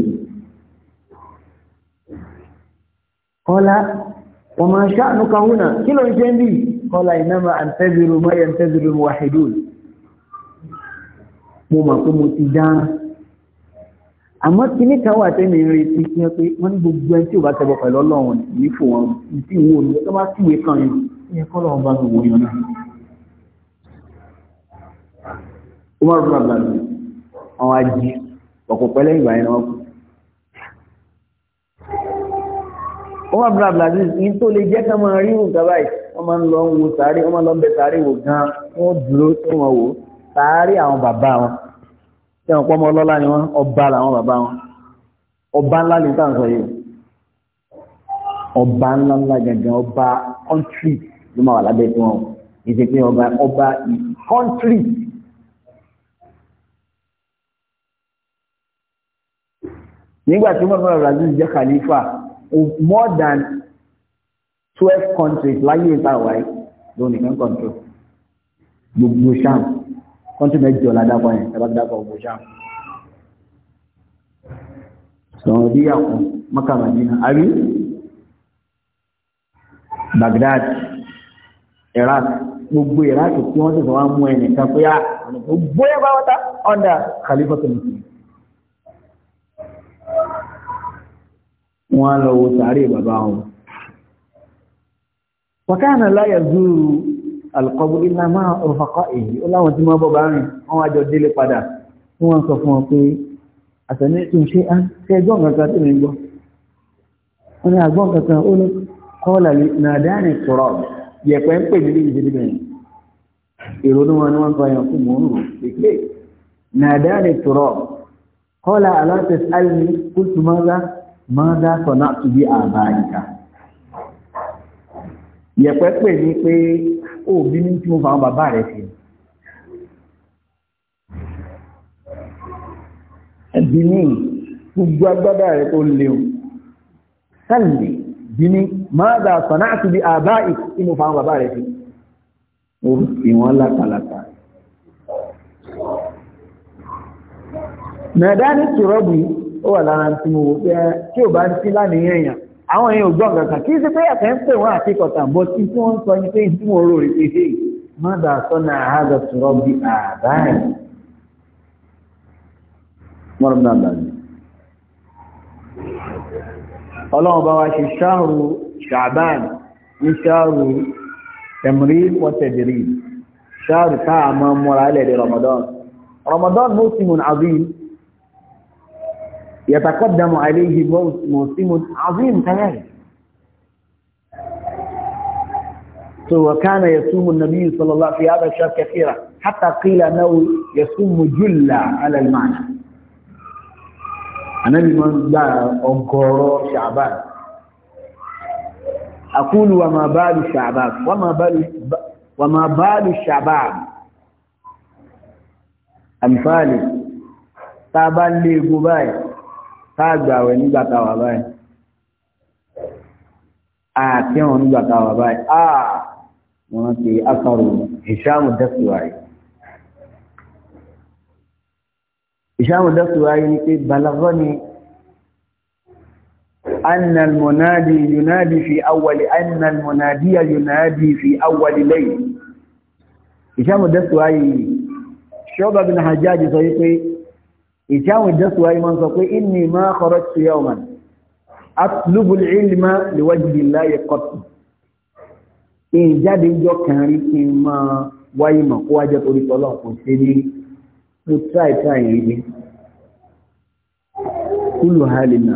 kọ́lá wọ́n máa ṣáànú kahuna kí ló ń ṣe ń bí kọ́lá ìnáma àǹtẹ́bìrù máa yẹ̀ǹtẹ́bìrù wàhídùn mo mọ̀ pé mo ti dáná àmọ́ kíní kan wà tẹ́mi ń gbogbo ẹni tí ò bá tẹ́bọ̀ pẹ̀lú ọlọ́run ní wọn ní tí ìwò ní ọjọ́ bá kíwèé kan yìí ẹ̀kọ́ lọ́wọ́ bá mi wò yàn náà Umar bin Abdulaziz àwọn ají ọ̀pọ̀ pẹ́lẹ́ ìgbà yẹn wọ́n kú. Umar bin Abdulaziz ní tó lè jẹ́ ká máa rírun kan báyìí wọ́n máa ń lọ ń wo sàárè wọ́n máa ń lọ ń bẹ sàárè wò gan wọ́n dúró tí wọ́n wò sàárè àwọn bàbá wọn tí wọ́n pọ́ ọmọ ọlọ́lá ni wọ́n ọba làwọn bàbá wọn ọba ńlá ní tàn sọ yìí ọba ńlá ńlá gẹ̀gẹ̀ ọba kọ́ńtírì ló máa wà lábẹ́ tí wọ́n ìṣèpín ọba ọba kọ́ńtírì nígbà tí Umar ibn Abdul jẹ́ khalifa more than twelve countries láyé ìtawà yìí ló nìkan control gbogbo sham country mẹ́jọ la dápọ̀ yẹn tàbí dápọ̀ gbogbo sham sọ̀rọ̀ bí yàkùn Makkah Madina àbí Baghdad Iraq gbogbo Iraq tí wọ́n sì fọwọ́ mú ẹnìkan pé à ah, gbogbo ẹgbẹ́ wọ́ta under khalifa tó nìkan. wọ́n lọ wo sàárè bàbá wọn wàkánà láyà zúrù alkọbù ilá máa rọ̀fàkọ́ èyí ó láwọn tí wọ́n bọ́bá rìn wọ́n wájọ délé padà wọ́n wọ́n sọ fún wọn pé àtẹ̀ní tí ń ṣe á ṣe gbọ́n kankan tí mi gbọ́ wọ́n ní àgbọ́n kankan ó ní kọ́ọ̀là nàdáni sọ̀rọ̀ yẹ̀pẹ̀ ń pè mí ìdílé bẹ̀rẹ̀ ìrònú wọn ni wọ́n sọ yẹn fún mòún rò pé nàdáni sọ̀rọ̀ kọ́ọ̀là aláṣẹ mọ́dá sọ̀nà tó bí àbá ìka yẹ̀pẹ́ pè ní pé ó bí ní tí mo fà àwọn bàbá rẹ̀ sí ẹbí ní gbogbo agbádá rẹ̀ tó léwu sẹ́lẹ̀ bí ní mọ́dá sọ̀nà tó bí àbá ìka tí mo fà àwọn bàbá rẹ̀ sí ó fi wọ́n lápàlápà nàdá ní tùrọ́bù ó wà lára tí mo wò pé tí ò bá ń sí lánìyàn èèyàn àwọn èèyàn ò gbọ́ kankan kì í ṣe pé ẹ̀kẹ́ ń pè wọ́n àti kọ̀tà bó tí tí wọ́n ń sọ ni pé tí mo rò rí pé hey mọ́dà sọ́nà àhàzà tùrọ̀ bí àbáyé. mọ́rọ̀ náà lànà ọlọ́run bá wa ṣe ṣáàrù ṣàbán ní Ramadan Ramadan àbí يتقدم عليه موسم عظيم تياري وكان يصوم النبي صلى الله عليه وسلم في هذا الشهر كثيرا حتى قيل أنه يصوم جل على المعنى أنا من لا أنكر شعبان أقول وما بال شعبان وما بال وما بال شعبان أمثالي تابان لي قبائل káàgbà wẹ̀ nígbà tá a wà báyìí àti àwọn nígbà tá a wà báyìí áà wọn ti akọrò ìṣàmù dẹ́kùwáyé ìṣàmù dẹ́kùwáyé ni pé balagọ́ ni أن المنادي ينادي في أول أن المنادي ينادي في أول ليل هشام الدستوائي شعبة بن حجاج صحيح ìjáwọn ìjọsùwà ìmọ̀ sọ pé inni ma kharajtu yawman atlubul ilma liwajhi llahi qattu ìjáde ìjọ kan rí kí n máa wáyé mọ̀ kó wájẹ́ torí tọ́lọ́ kò ṣe ní mo tíráì tíráì rí ni kúlù hálìnà.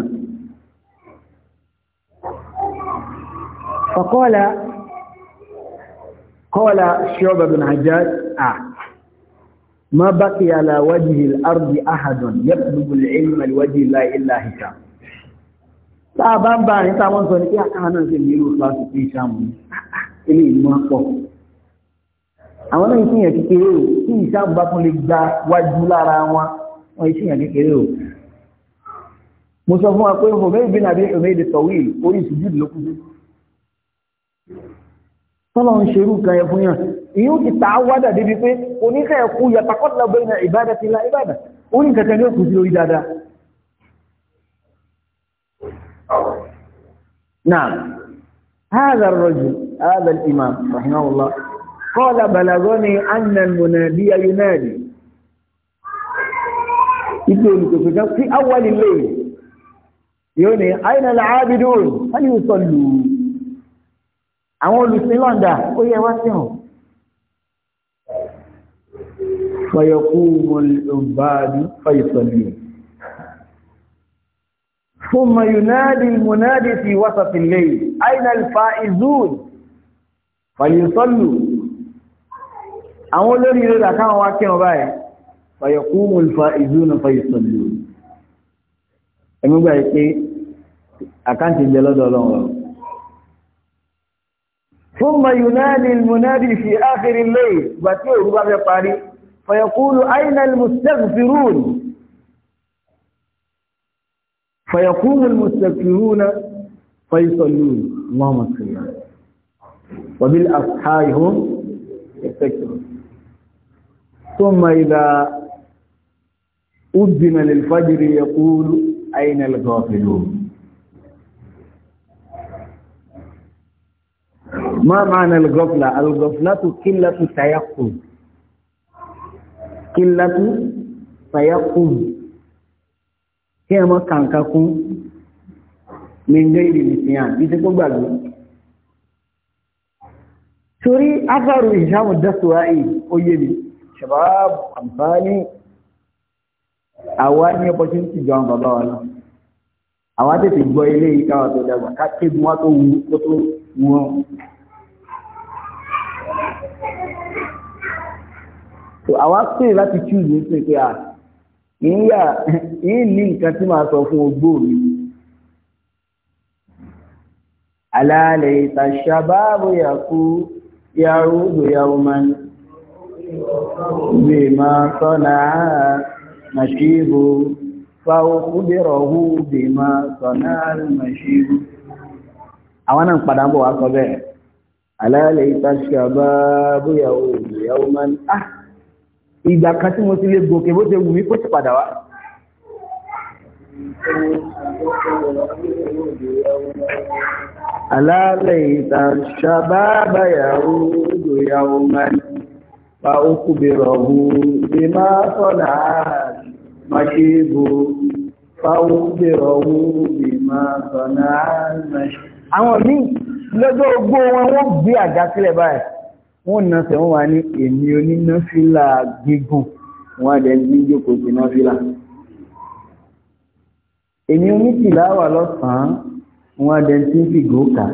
فقال قال شعبة بن حجاج آه ما بقي على وجه الأرض أحد يطلب العلم لوجه الله إلا هشام sáàbá ń bá àrin táwọn sọ ní kí àkáhà náà ṣe ní irú kíláàsì tí ìṣàmù ní ilé ìmọ̀ pọ̀ àwọn náà ìṣìyàn kékeré o tí ìṣàmù bá tún lè gba wájú lára wọn wọn ìṣìyàn kékeré o mo sọ fún wa pé òmèdè bí nàbí òmèdè tọ̀wé orí ìṣújú ló kú tọ́lọ̀ ń ṣerú kan ẹ fún yàn ìyún ti ta wádà débi pé oníkẹ́ ẹ̀kú yàtàkọ́tà bẹ́ẹ̀ ìbádà ti la ìbádà ó ní kankan ní òkú sí lórí dáadáa. náà هذا الرجل هذا الإمام رحمه الله قال بلغني أن المنادي ينادي يقول في أول الليل يوني أين العابدون هل يصلوا àwọn olùsìn lọ́ndà ó yẹ wá sí hàn fọyọkú mọ̀lùbáàdì fọyọsọ̀lù fún mayunadi munadi fi wasafin lẹ́yìn ainal fa'izun fọyọsọ̀lù àwọn olórí rẹ̀ làkáwọn wá kí wọn báyìí fọyọkú mọ̀lùfa'izun fọyọsọ̀lù ẹgbẹ́gbẹ́ pé àkáǹtì jẹ lọ́dọ̀ ọlọ́run ثم ينادي المنادي في آخر الليل باتيه باب الطريق فيقول أين المستغفرون فيقوم المستغفرون فيصلون اللهم صل وبالأصحاب هم يستغفرون ثم إذا أذن للفجر يقول أين الغافلون ما معنى الغفلة الغفلة قلة تيقظ قلة تيقظ kí ẹ mọ́ kàǹkà kún mẹ́gbẹ́ ìrìnìsìyàn bí ti kó gbàgbé torí afẹ́rù ìṣàmù dẹ́sùwá ì oyé mi ṣàbáb àǹfààní àwa ní opportunity jọ àwọn bàbá wa náà àwa tètè gbọ́ ilé ìkáwà tó dàgbà ká kébùn wá tó wù ú tó wù ú so àwa pè láti choose ní pé à ìyá yìí ní nǹkan tí màá sọ fún ogbó mi. alaalẹ̀ ìtàṣàbáàbò yàkú yàrá òdò yàrá man bí máa sọ́nà màṣíbò fáwọ́kúdẹ̀rọ̀hù bí máa sọ́nà màṣíbò. àwọn náà padà ń bọ̀ wá sọ bẹ́ẹ̀ alaalẹ̀ ìtàṣàbáàbò yàrá òdò yàrá man ah ìgbà kan tí mo ti lè gòkè bó ṣe wù mí kó ti padà wá alálẹ̀ ìta ṣàbábà yàrú ìdò yàwó mẹ́rin pa ókú bèèrè ọ̀hún bí máa sọ́nà àmàṣíbò pa ókú bèèrè ọ̀hún bí máa sọ́nà àmàṣíbò àwọn míì lọ́jọ́ ogbó wọn wọ́n gbé àga báyìí wọ́n na sẹ̀ wọ́n wà ní èmi onínáfílà gígùn wọ́n àdẹ̀ ní jókòó sí náfílà èmi onítìláwà lọ́sàn-án wọ́n àdẹ̀ tí ń fi gòkà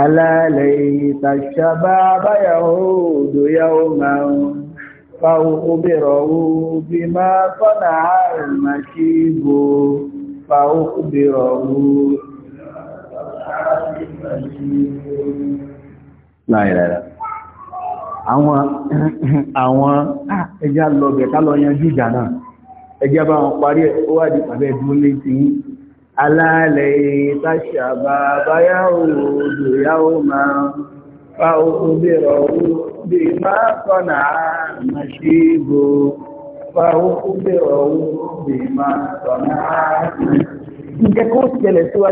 alálẹ̀ ìtàṣàbá báyàwó òdòyàwó máa ń fáwọ́ obìnrọ̀wó bí máa tọ́nà àrùn màṣíbò fáwọ́ obìnrọ̀wó láìláìlá àwọn àwọn ẹjá lọ́bẹ̀ ká lọ yanjú ìjà náà ẹjá bá wọn parí ẹ̀ ó wà ní pàbẹ́ dúró lé ti yí alálẹ̀ ìtàṣàbà báyáwó òdòyáwó máa fa obìnrọ̀ bí máa sọ́nà àmàṣíbò fa obìnrọ̀ bí máa sọ́nà àmàṣíbò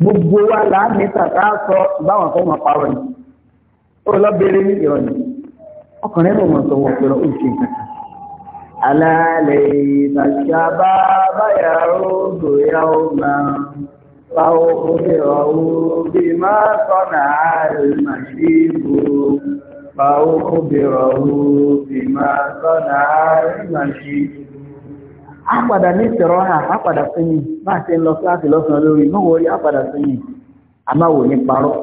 gbogbo wa là á ní tàkà sọ báwọn kan máa parọ́ ni ó lọ bẹ̀rẹ̀ ní ìrọ̀ ni ọkùnrin náà mọ̀ sọ̀wọ́ pẹ̀lú oṣù kàkà. alálẹ̀ ìtàṣàbá báyà rògbò yá ó máa báwo ó bẹ̀rọ̀ ó bí máa sọ̀nà àárẹ̀ màṣí ìbò báwo ó bẹ̀rọ̀ ó bí máa sọ̀nà àárẹ̀ màṣí ìbò. àpàdà ní ìṣẹ̀rọ hà àpàdà sẹ́yìn bá ṣe ń lọ kíláàsì lọ́sàn-án lórí mọ́wọ́ orí àpàdà sẹ́yìn àmáwò ní parọ́.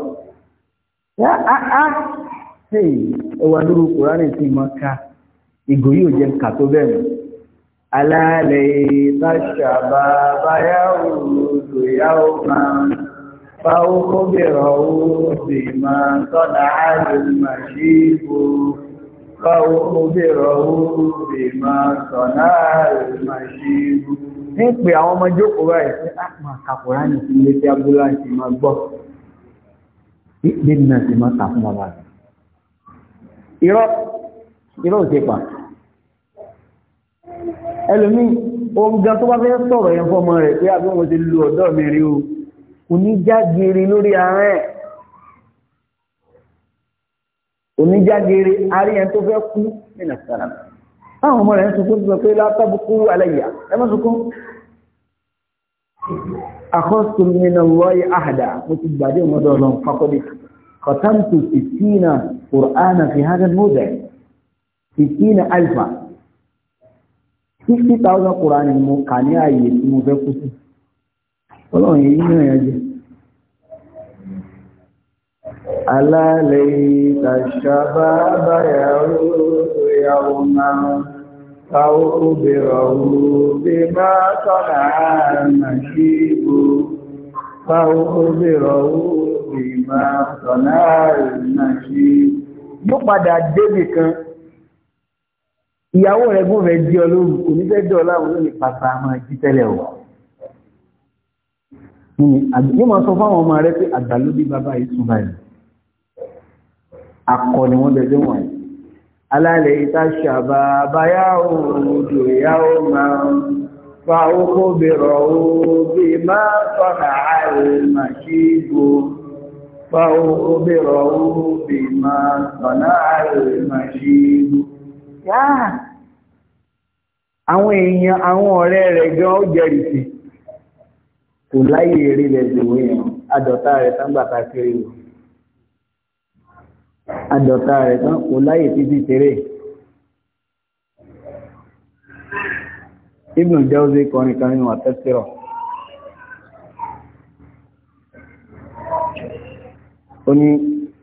yá á á ṣe ẹwà lóru kùránì ka ìgò yóò jẹ kà tó bẹ́ẹ̀ mọ́. alálẹ̀ ìbáṣàbà báyà òòlù ìyá ọ̀gá sì máa tọ́lá فأخبره بما صنع المشير ní pé àwọn ọmọ jókòó báyìí pé á máa kàkùrá ní sí ilé tí abúlá ti máa gbọ́ ìgbéni náà ti máa kà fún bàbá rẹ̀ irọ́ irọ́ ò ṣe pa ẹlòmíì ohun gan tó bá fẹ́ sọ̀rọ̀ yẹn fọ́mọ rẹ̀ pé àbí wọn ti lu ọ̀dọ́ mi rí o kò ní jágere lórí ara ẹ̀ oníjàgere àríyàn tó fẹ́ kú nínú sàlám táwọn ọmọ rẹ̀ ń sunkún sọ pé látàbùkú aláyà ẹ má sunkún akọ́sù nínú lọ́yẹ̀ àhàdà mo ti gbàdé ọmọdé ọlọ́run fakọ́dé kọ̀tàǹtù sìkínà kùránà fi hàn mọ́dẹ̀ sìkínà alfa sixty thousand mo kà ní ààyè tí mo fẹ́ kú sí ọlọ́run yìí ní ìrìn àjẹ́ ألا ليت الشباب يعود يوما فأخبره بما صنع المشيب فأخبره بما صنع المشيب yóò padà débì kan ìyàwó rẹ̀ gbọ́n fẹ́ di ọlọ́run kò ní fẹ́ dọ̀ láwọn olóòlù pàtà máa jí tẹ́lẹ̀ wọ̀ yóò máa sọ fáwọn ọmọ rẹ̀ pé àgbà bàbá yìí sùn báyìí akọni wọ́n bẹ̀rẹ̀ wọ̀n yìí alálẹ̀ ìta ṣàbà báyá òòrùn ìyáwó máa ń fa ókó bèèrọ̀ òbí máa fọ́nà àìmà sí ìgbò fa ókó bèèrọ̀ òbí máa fọ́nà àìmà sí ìgbò yáà àwọn èèyàn àwọn ọ̀rẹ́ rẹ̀ gan ó jẹ́rìsì kò láyé eré lẹ́sìn wéyàn adọ̀tá rẹ̀ sáńgbàtà kiri wọn àdọ̀ta rẹ̀ tán kò láyè títí tèrè Ibn Jawzi kọrin kan nínú àtẹ́sírọ̀ ó ní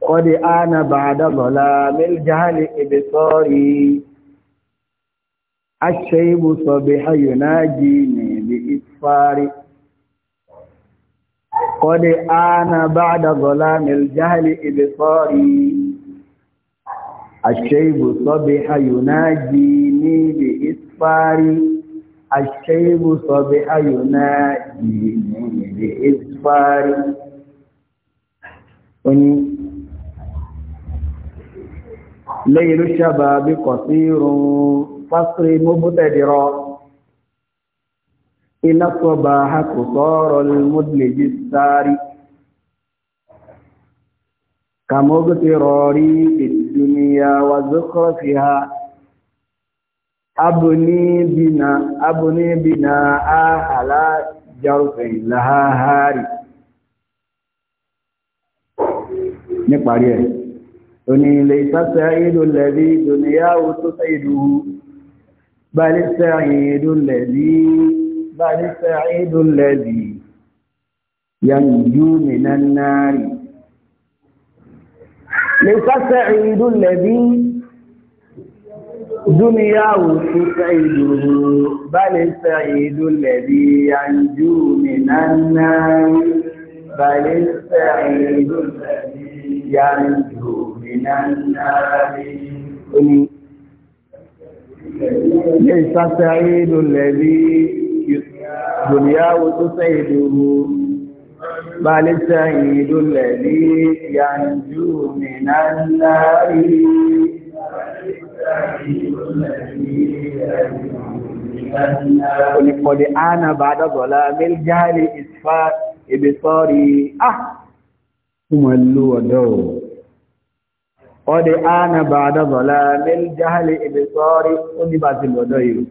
kọ́dí ána bàádọ́bọ̀lá mẹ́lìjáhálì ìbẹ̀sọ́rí aṣẹ́ibù sọ̀bẹ̀ hayùnájì ní ibi ìfàárí kọ́dí ána bàádọ́bọ̀lá mẹ́lìjáhálì ìbẹ̀sọ́rí الشيب صبح يناجيني بإسفاري الشيب صبح يناجيني بإسفاري ليل الشباب قصير فصر مبتدرا إلى الصباح قصار المدلج الساري كمغتراري في الدنيا وزخرفها أبني بنا أبني بنا على جرف لها هاري níparí ẹ̀ tó ní ilé ìsáṣẹ́ ìdúnlẹ̀bí ìdúnlẹ̀yàwó tó sẹ́ ìdú bàálẹ́sẹ́ ìdúnlẹ̀bí bàálẹ́sẹ́ ìdúnlẹ̀bí yanjú mìnannárì لتسعيد الذي دنياه تسعده بل السعيد الذي ينجو من النار بل السعيد الذي ينجو من النار ليس سعيد الذي دنياه تسعده بل الذي ينجو من النار ولقد أنا بعد ظلام الجهل إسفاء إبصاري أه هم اللو قد أنا بعد ظلام الجهل إبصاري ó ní bá ti lọ́dọ̀ yìí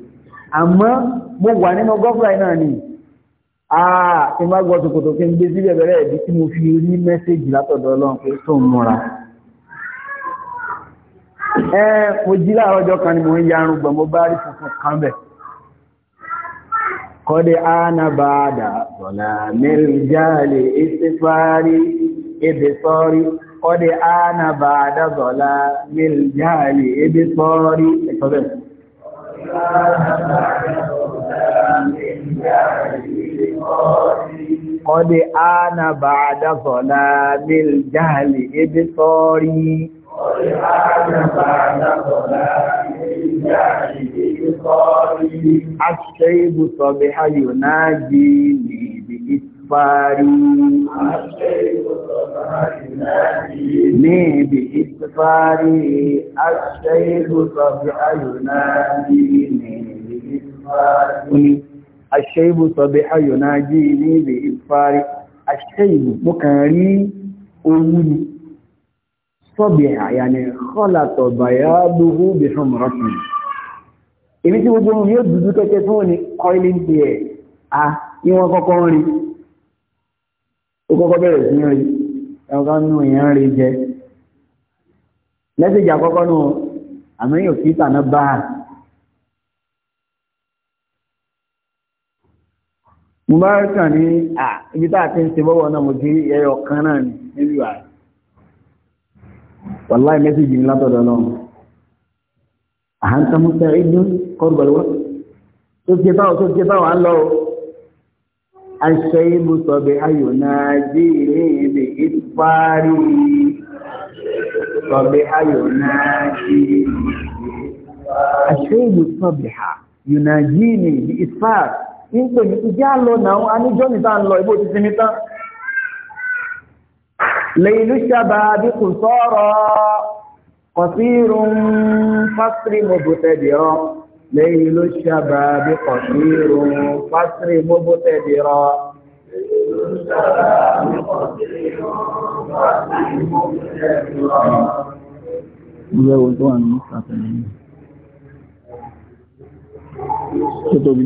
àmọ́ mo wà ah tí má gbọ́ tòkòtò kí n gbé síbẹ̀ bẹ̀rẹ̀ ẹ̀bí tí mo fi rí mẹ́sẹ̀jì látọ̀dọ̀ ọlọ́run pé tó ń múra ẹ mo jí láàárọ̀ ọjọ́ kan ni mo ń yarun gbọ̀n mo bá rí funfun kan bẹ̀ kọ́dé ánàbàdà sọ̀nà mẹ́rìndínláàlè ìsẹ́fárí ebè sọ́rí kọ́dé ánàbàdà sọ̀nà mẹ́rìndínláàlè ebè sọ́rí ẹ̀kọ́ bẹ̀. قد آن بعد ظلام الجهل إبصاري الجهل إبصاري الشيب صبح يناجيني بإسفاري الشيب صبح يناجيني بإسفاري الشيب صبح يناجيني بإسفاري aṣẹ́ibù sọ́bẹ̀ ayọ̀ náà jí ní ilẹ̀ ìfàárí aṣẹ́ibù mú kàn rí owú ni sọ́bẹ̀ àyàní kọ́làtọ̀ bàyá lóhú bí fún mọ́rọ̀kùn èmi tí gbogbo yóò dúdú kẹ́kẹ́ fún ní coiling mo bá kàn ní à ibi tá a ti ń ṣe bọ́wọ́ náà mo jí ẹyọ kan náà ní níbi wà wàláì mẹ́sìgì ní látọ̀dọ̀ náà àhántà mú sẹ́rí ní kọ́gbọ̀lọ́wọ́ tó ti báwọ̀ tó ti báwọ̀ á lọ aṣẹ́ ìlú sọ bẹ ayò náà jí ilé ibi ìfárí sọ bẹ ayò náà jí aṣẹ́ ìlú sọ bẹ ha yóò náà jí ní ìfárí ń pè ní ìjẹ́ àlọ́ náà aníjọ́ nìta ń lọ ibò ti sinmi tán lèlú ṣàbà bí kò sọ́rọ̀ kọ̀sírùn fásitì mọ́bù tẹ̀dìrọ lèlú ṣàbà bí kọ̀sírùn fásitì mọ́bù tẹ̀dìrọ Ìgbẹ́ ohun tó wà ní ìsàtẹ̀lẹ́yìn. Ṣé tóbi?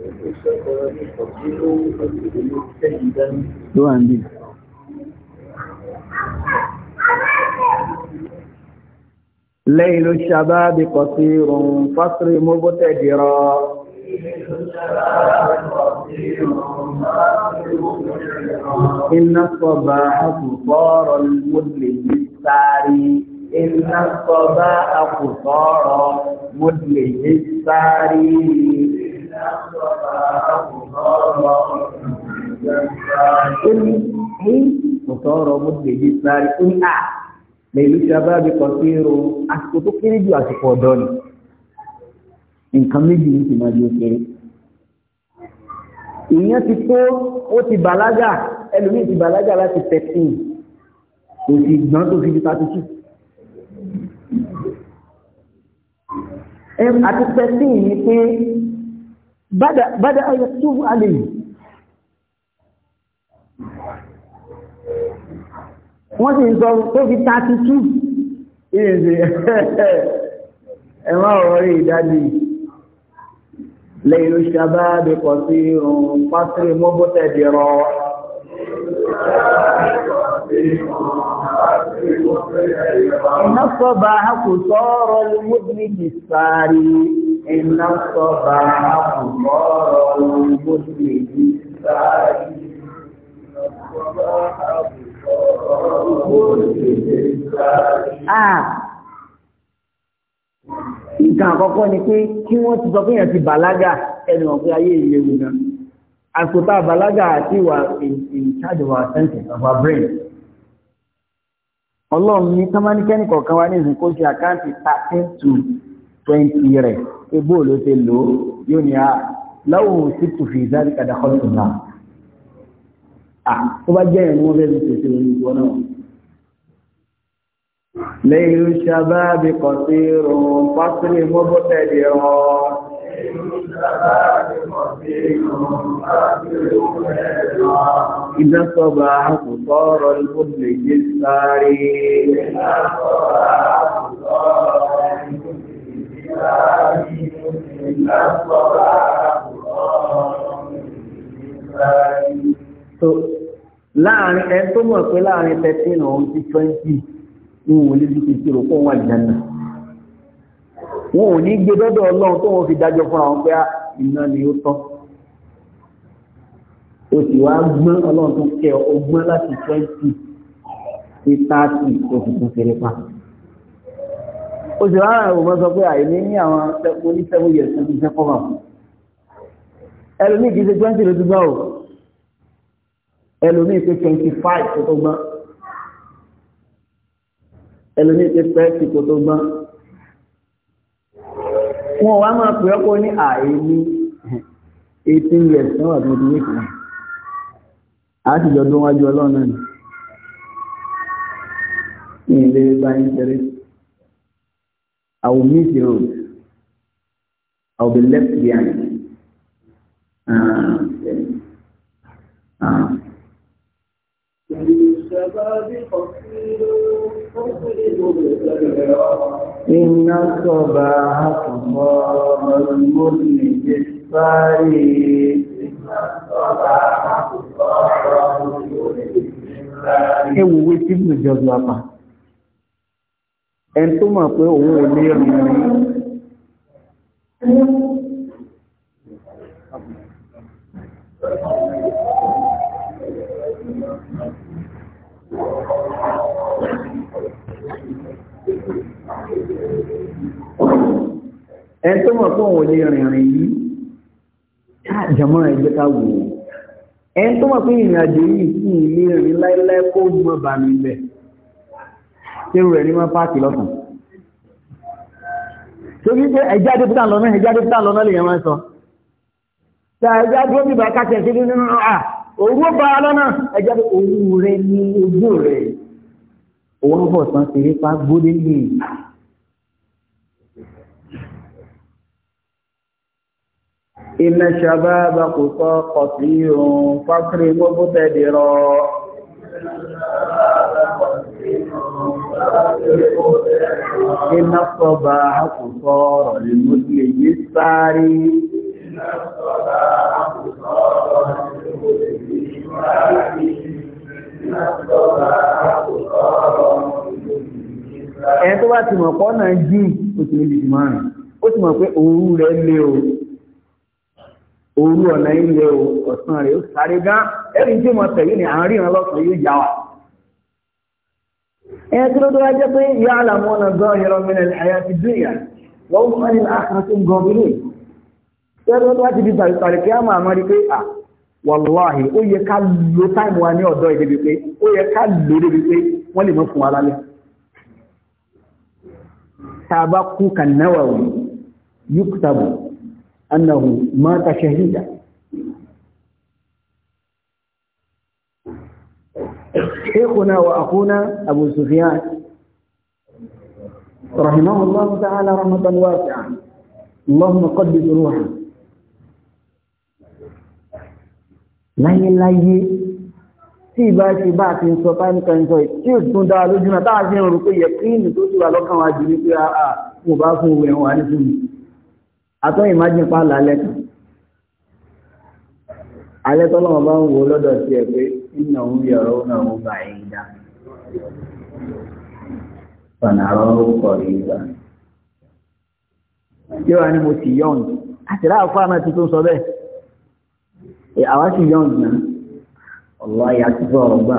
ليل الشباب قصير فصر مبتدرا إن الصباح قصار المدلج الساري إن الصباح قصار مدلج الساري ó ní ní ọ̀tọ̀ ọ̀rọ̀ mo lè di sáré ó ní à lèlú sábàbí kan sí ro àsìkò tó kéré ju àsìkò ọ̀dọ́ ni nǹkan méjì ní ti máa di ó kéré ìyẹn ti tó ó ti bàlágà ẹlòmíì ti bàlágà láti thirteen kò sì gbọ́n tó fi di thirty two àti thirteen ni pé. بدأ بدأ يكتب عليه wọ́n sì ń sọ tó fi tàti tú ìrìnṣẹ́ ẹ̀wọ́n ọ̀rọ̀ rí ìdájí lẹ́yìn ṣàbá bí kọ̀ sí irun pásírí mọ́bọ́tẹ̀ dìrọ ìnáṣọ́bà kò sọ́ọ̀rọ̀ lómọ́dún ìgbìsàárì iná sọba àbùkọ́rọ̀ owó lè ní sáàyè. Nǹkan àkọ́kọ́ ni pé kí wọ́n ti sọ pé èèyàn ti bàlágà ẹni ọ̀pẹ́ ayé ìléwu gan. Àsòtà bàlágà àti wà in charge of our senses of our brain. Ọlọ́run ní tọ́mánikẹ́ni kọ̀ọ̀kan wá ní ìsìnkó ṣe àkáǹtì 13 to twenty rẹ̀ pé bóòlù ti lò ó yóò ní a lọ́wọ́ sí tùfì ìzárí kàdà kọ́tù náà à tó bá jẹ́ ìrìn wọn fẹ́ fi pèsè orí ìwọ náà. lẹ́yìn ṣàbábì kan sí irun pásílì mọ́bọ́tẹ̀lì ọ̀. إذا صباح صار المدلج الساري إذا صباح So láàrin ẹ tó mọ̀ pé láàrin 13 ọ̀hún sí 20 ìwò lè fi kìí rò fún wà ìjẹ́nà. Wọ́n ò ní gbé dọ́dọ̀ ọlọ́run tó wọ́n fi dájọ́ fún àwọn pé ah, iná ni ó tọ́. O sì wá gbọ́n ọlọ́run tó kẹ́ ọgbọ́n láti 20 sí 30 tó fi tún fèrè oṣù rárá ìwò mọ́ sọ pé àìní ní àwọn oníṣẹ́wò yẹ̀ tó ti fẹ́ kọ́ wọn ẹlòmíì kìí ṣe twenty ló ti gbọ́ o ẹlòmíì pé twenty five kò tó gbọ́n ẹlòmíì pé thirty kò tó gbọ́n wọn wá máa pè ọ́kọ́ ní àìní eighteen years náà wà tó ti wé kan á sì jọ dún wájú ọlọ́run náà ní ilé báyìí tẹ̀lé. I will miss the road. I will be left behind. Uh, uh. إن الصباح صباح المذنب الصاري إن الصباح صباح المذنب الصاري ẹni tó mọ̀ pé òun ò ní rìn rìn ẹni tó mọ̀ pé òun ò ní rìn rìn yìí káàjọmọ́ ẹgbẹ́ ká wò ẹni tó mọ̀ pé ìrìn yìí sí ilé rìn láéláé kó gbọ́n bá mi bẹ́ẹ̀ tẹ́rù rẹ̀ ní wọ́n páàkì lọ́kàn torí pé ẹjá dépútà lọ́nà ẹjá dépútà lọ́nà lè yẹn wọ́n sọ ta ẹjá dúró bíbá káṣẹ̀ sí nínú à òru ó bára lọ́nà ẹjá dé òru rẹ̀ ní ojú rẹ̀ òun bọ̀ tán ṣeré pa gbódé ní ìnà ṣàbá bá kọ̀tí òun fákìrì gbogbo tẹ̀ Iná sọ́ba àkùsọ ọ̀rọ̀ ni mo ti lè yí sáré. Ẹni tó bá ti mọ̀ pọ́nà jí, ó ti lè dìdì márùn-ún. Ó ti mọ̀ pé òun rẹ̀ lé o. òru ọ̀nà ilẹ̀ ọ̀sán rẹ̀ ó sáré gán ẹ̀rí tí mo tẹ̀yí ni àwọn ríran lọ́sàn yóò yá wa. ẹ̀yẹ ló dọ́ra jẹ́ pé ìyá àlàmọ́ gan yọrọ mìíràn àyà ti dùn ìyá wọ́n mú tó ń gan bí ti di kí á máa mọ́ pé à wàláhì ó yẹ ká lo táìmù wa ní ọ̀dọ́ ìdíbi pé ó yẹ ká débi pé wọ́n lè mọ́ fún wa lálẹ́. tá a bá kú yóò أنه مات شهيدا شيخنا وأخونا أبو سفيان رحمه الله تعالى رحمة واسعة اللهم قدس روحه láyé láyé tí ìbá ṣe bá ti ń sọ táìmìkà ń sọ tí ò tún dáa lójú náà táà sí ìrùn pé yẹ kí ìlú tó ti wà lọ́kàn wájú ní pé àà mo bá fún òwe ẹ̀wọ̀n á ní fún mi àtún ìmájì pa lálẹ́ kan alẹ́ tọ́lọ́wọ́ bá ń wo lọ́dọ̀ sí ẹ pé iná òun yọ̀rọ̀ òun náà ń bá ẹ̀yìn dá fọ̀nàrọ̀ orúkọ rí gbà tí wàá ní mo ti yọ̀ǹd àti láàfọ àmà sọ bẹ́ẹ̀ àwa ti yọ̀ǹd náà ọ̀lọ́ gbà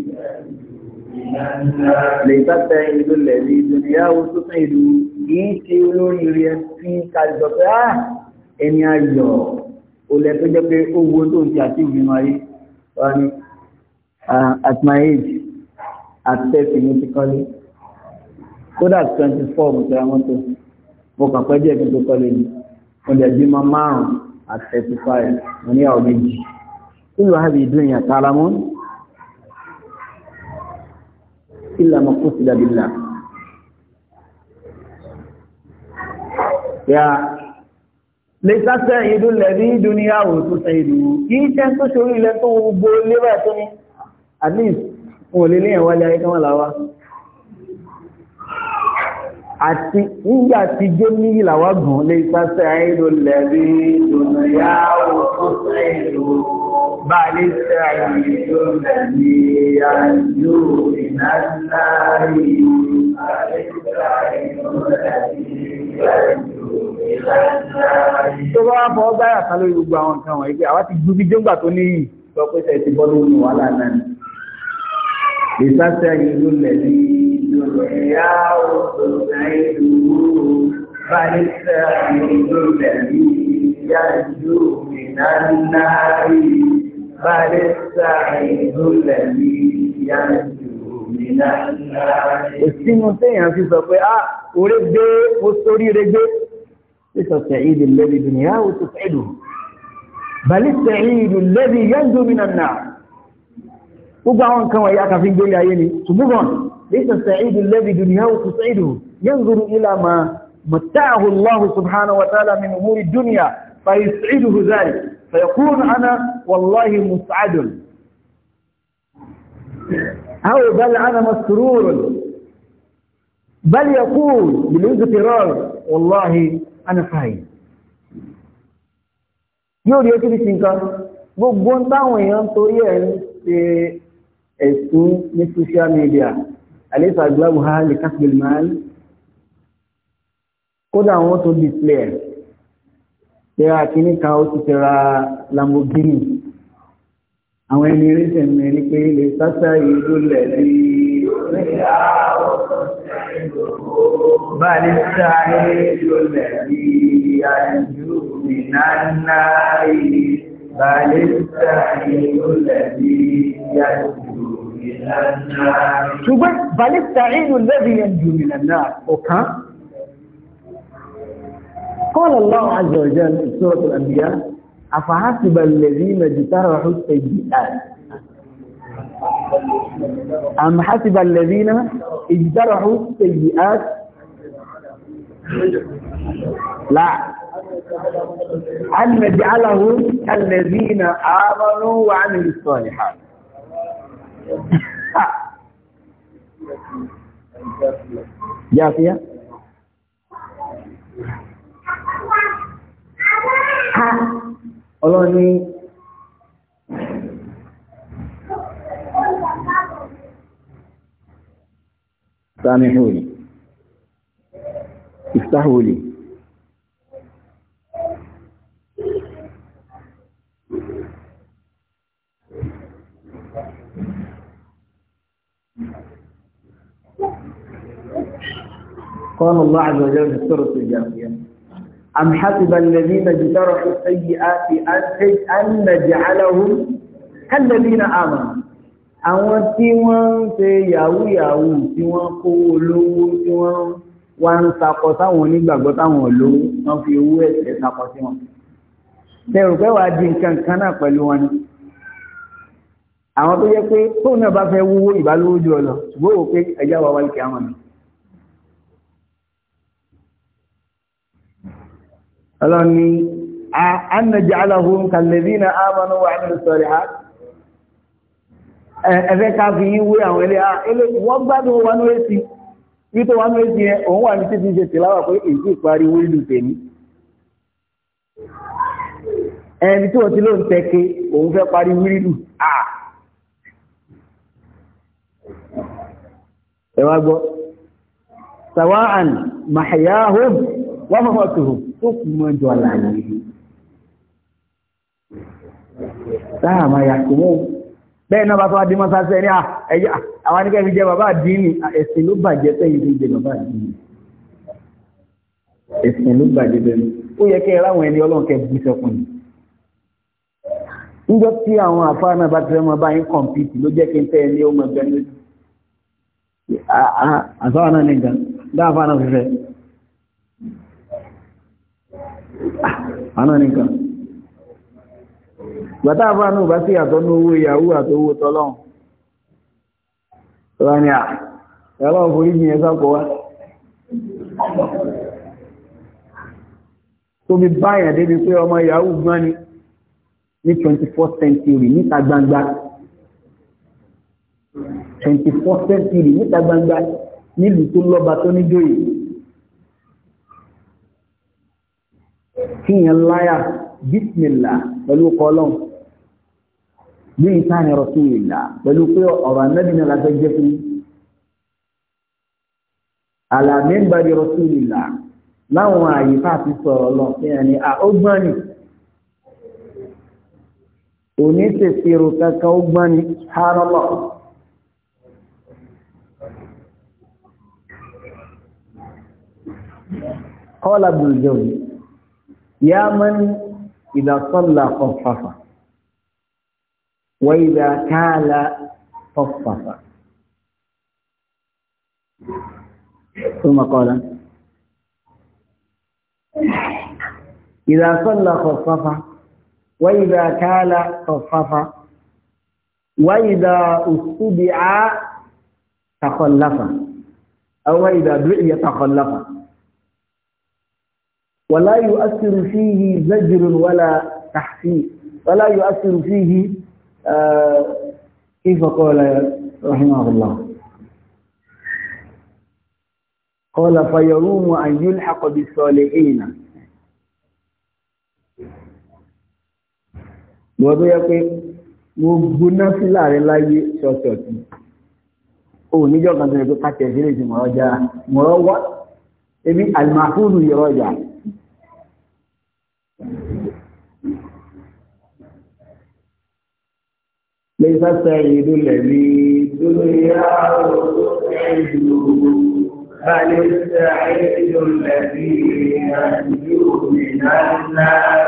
lè gbàtà ìlú lẹ̀lẹ́ ìdòdìyàwó tó fún ìlú kìí ṣe olórí rẹ̀ tí kàjọ pé á ah, ẹni ayọ̀ olè tó jẹ́ pé ó wo tó ń ti àti ìgbìmọ̀ ayé wà ní ah, at my age at thirty mo ti kọ́lé kódà twenty four mo tẹ̀ra mọ́tò mo kàn pẹ́ díẹ̀ kí n tó kọ́lé ni mo lè bímọ márùn-ún at thirty five mo níyàwó méjì kí ló wàá bí ìdúnyà tààrà mọ́ni. إلا ما قصد بالله يا ليس سعيد الذي دنياه تسعده kìí ṣe tó ṣorí ilẹ̀ tó gbogbo lébà tó ní at least wọn ò lè léyìn wálé ayé kan láwá àti nígbà tí jó ní ìlàwà gùn lè sáṣẹ́ àìdò lẹ́rí ìdùnnú yáà sẹ́yìn lóòrùn بل السعيد الذي ينجو من النار بل السعيد الذي ينجو من النار tó bá fọ́ báyà kan lórí gbogbo àwọn nǹkan wọ̀nyí pé àwa ti gbúbí jọ́gbà tó ní yìí sọ pé ṣe ti bọ́ lórí wàhálà náà ni ìsáṣẹ́ ìlú lẹ̀lí ìyá òṣèlú ìlú báyìí ìyá ìlú ìnánínáàrí بل السعيد الذي ينجو من النار ìsínú téèyàn fi sọ pé á ah, orí gbé ó sórí rẹ gbé títọ̀ sẹ̀yìdì lẹ́bi dùnìyà ó tó fẹ́lù bàlí sẹ̀yìdì lẹ́bi yẹ́ndù mí nànà gbogbo àwọn nǹkan wọ̀nyí àkàfi ń gbélé ayé ni ṣùgbọ́n títọ̀ sẹ̀yìdì lẹ́bi dùnìyà ó tó fẹ́lù yẹ́nzuru ilà máa mọ̀táàhùn lọ́hùn subhanahu wa ta'ala min umuri duniya fa yusidu huzari فيكون أنا والله مسعد أو بل أنا مسرور بل يقول بالاضطرار والله أنا سعيد yóò rí ojú ti nǹkan gbogbo ń táwọn èèyàn torí ẹ̀ ń ṣe ẹ̀sùn ní social media àlẹ́sàgbà buhari kásìlmáàlì kódà wọ́n tó display tẹ́ra kìíní kan ó ti tẹ́ra Lamborghini àwọn ẹni ríṣẹ̀ mi ní pé lè sásá ìlú lẹ̀ bí bá lè sáré ìlú lẹ̀ bí àìjú mi náà bá lè sáré ìlú lẹ̀ bí àìjú mi náà ṣùgbọ́n bá lè sáré ìlú lẹ̀ bí àìjú mi ọ̀kan قال الله عز وجل في سورة الأنبياء أفحسب الذين اجترحوا السيئات أم حسب الذين اجترحوا السيئات لا أن نجعلهم الذين آمنوا وعملوا الصالحات جافية فيها ha ọlọ́ni samihuli istahuli قال الله عز وجل في سورة الجاثية أم حسب الذين اجترحوا السيئات أن نجعلهم كالذين آمنوا àwọn tí wọ́n ń ṣe yahoo yahoo tí wọ́n kó olówó tí wọ́n wá ń sakọ sáwọn onígbàgbọ́ táwọn olówó wọ́n fi owó ẹ̀sẹ̀ sakọ sí wọn. bẹ́ẹ̀rù pé wàá di nǹkan kan náà pẹ̀lú wọn ni. àwọn tó yẹ pé tóun náà bá fẹ́ wúwo ìbálòwò jù ọ lọ ṣùgbọ́n òun pé ẹja wà wálé kí àwọn mi. ọlọ́ni anàjẹ́ aláhùn kàlẹ́bí na ámànú wà ní sọ̀rọ̀ ha ẹ̀fẹ́ ká fi yí wé àwọn ilé wọ́n gbádùn wà ní èsì bí tó wà ní èsì yẹn òun wà ní títí ṣe tìláwà pé èsì ìparí wé ìlú tèmi ẹni tí wọ́n ti ló ń tẹ́ke òun fẹ́ parí wíìlù àà ẹwà gbọ́ sàwọn àmì màáyá hóòmù wọ́n mọ̀mọ́ tòhùn tó kù mọ́ dọ̀là yìí táà máa yàtọ̀ mọ́ bẹ́ẹ̀ náà bá tó wá dé mọ́sáṣẹ́ ní àwọn anìkẹ́ fi jẹ bàbá àdínì ẹ̀sìn ló bàjẹ́ tẹ́yìn fi jẹ bàbá àdínì ẹ̀sìn ló bàjẹ́ bẹ́ẹ̀ ó yẹ kẹ́ láwọn ẹni ọlọ́run kẹ́ bú sẹ́kùn yìí níjọ́ tí àwọn àfáà náà bá ti fẹ́ mọ bá yín kọ̀m̀pìtì ló jẹ́ kí n tẹ́ ẹ ní ọmọ ẹgbẹ́ lójú àfáà náà nìkan dáàfáà náà fífẹ́ Ah, àná nìkan gbàtà àfáànù bá sí àtọ́ ní owó ìyàwó àti owó tọ́lọ́hùn tọ́lá ni à ah, ẹ̀lọ́ forí ní ẹ̀sà kọ́ wá tó bí báyàn débi pé ọmọ ìyàwó gbọ́n ni ní 24th century níta gbangba 24th century níta gbangba nílùú tó lọ́ba tó níjòyè kí yẹn láyà bísmìlá pẹ̀lú kọlọ́n bí i sáàni rọ̀túwìlá pẹ̀lú pé ọ̀rọ̀ anábì náà láti jẹ́ fún àlàmì ń bari rọ̀túwìlá láwọn àyè fáàfin sọ̀rọ̀ lọ fi hàn àógbọ́nì òní kankan ógbọ́nì hárọ́lọ́. قال ابن الجوزي يا من إذا صلى صفصف وإذا كال صفصف ثم قال إذا صلى صفصف وإذا كال صفصف وإذا أصبع تخلف أو إذا دعي تخلف ولا يؤثر فيه زجر ولا تحفيف ولا يؤثر فيه آه كيف قال رحمه الله قال فيروم أن يلحق بالصالحين wọ́n yẹ pé gbogbo náfìlà rẹ láyé ṣọ́ọ̀ṣọ́ọ̀tì o níjọ́ kan tó yẹ pé pàtẹ́ sílẹ̀ sí mọ̀rọ̀ já mọ̀rọ̀ wá ebi alimahudu yọ̀rọ̀ jà ليس السعيد الذي دنياه تسعد بل السعيد الذي ينجو من النار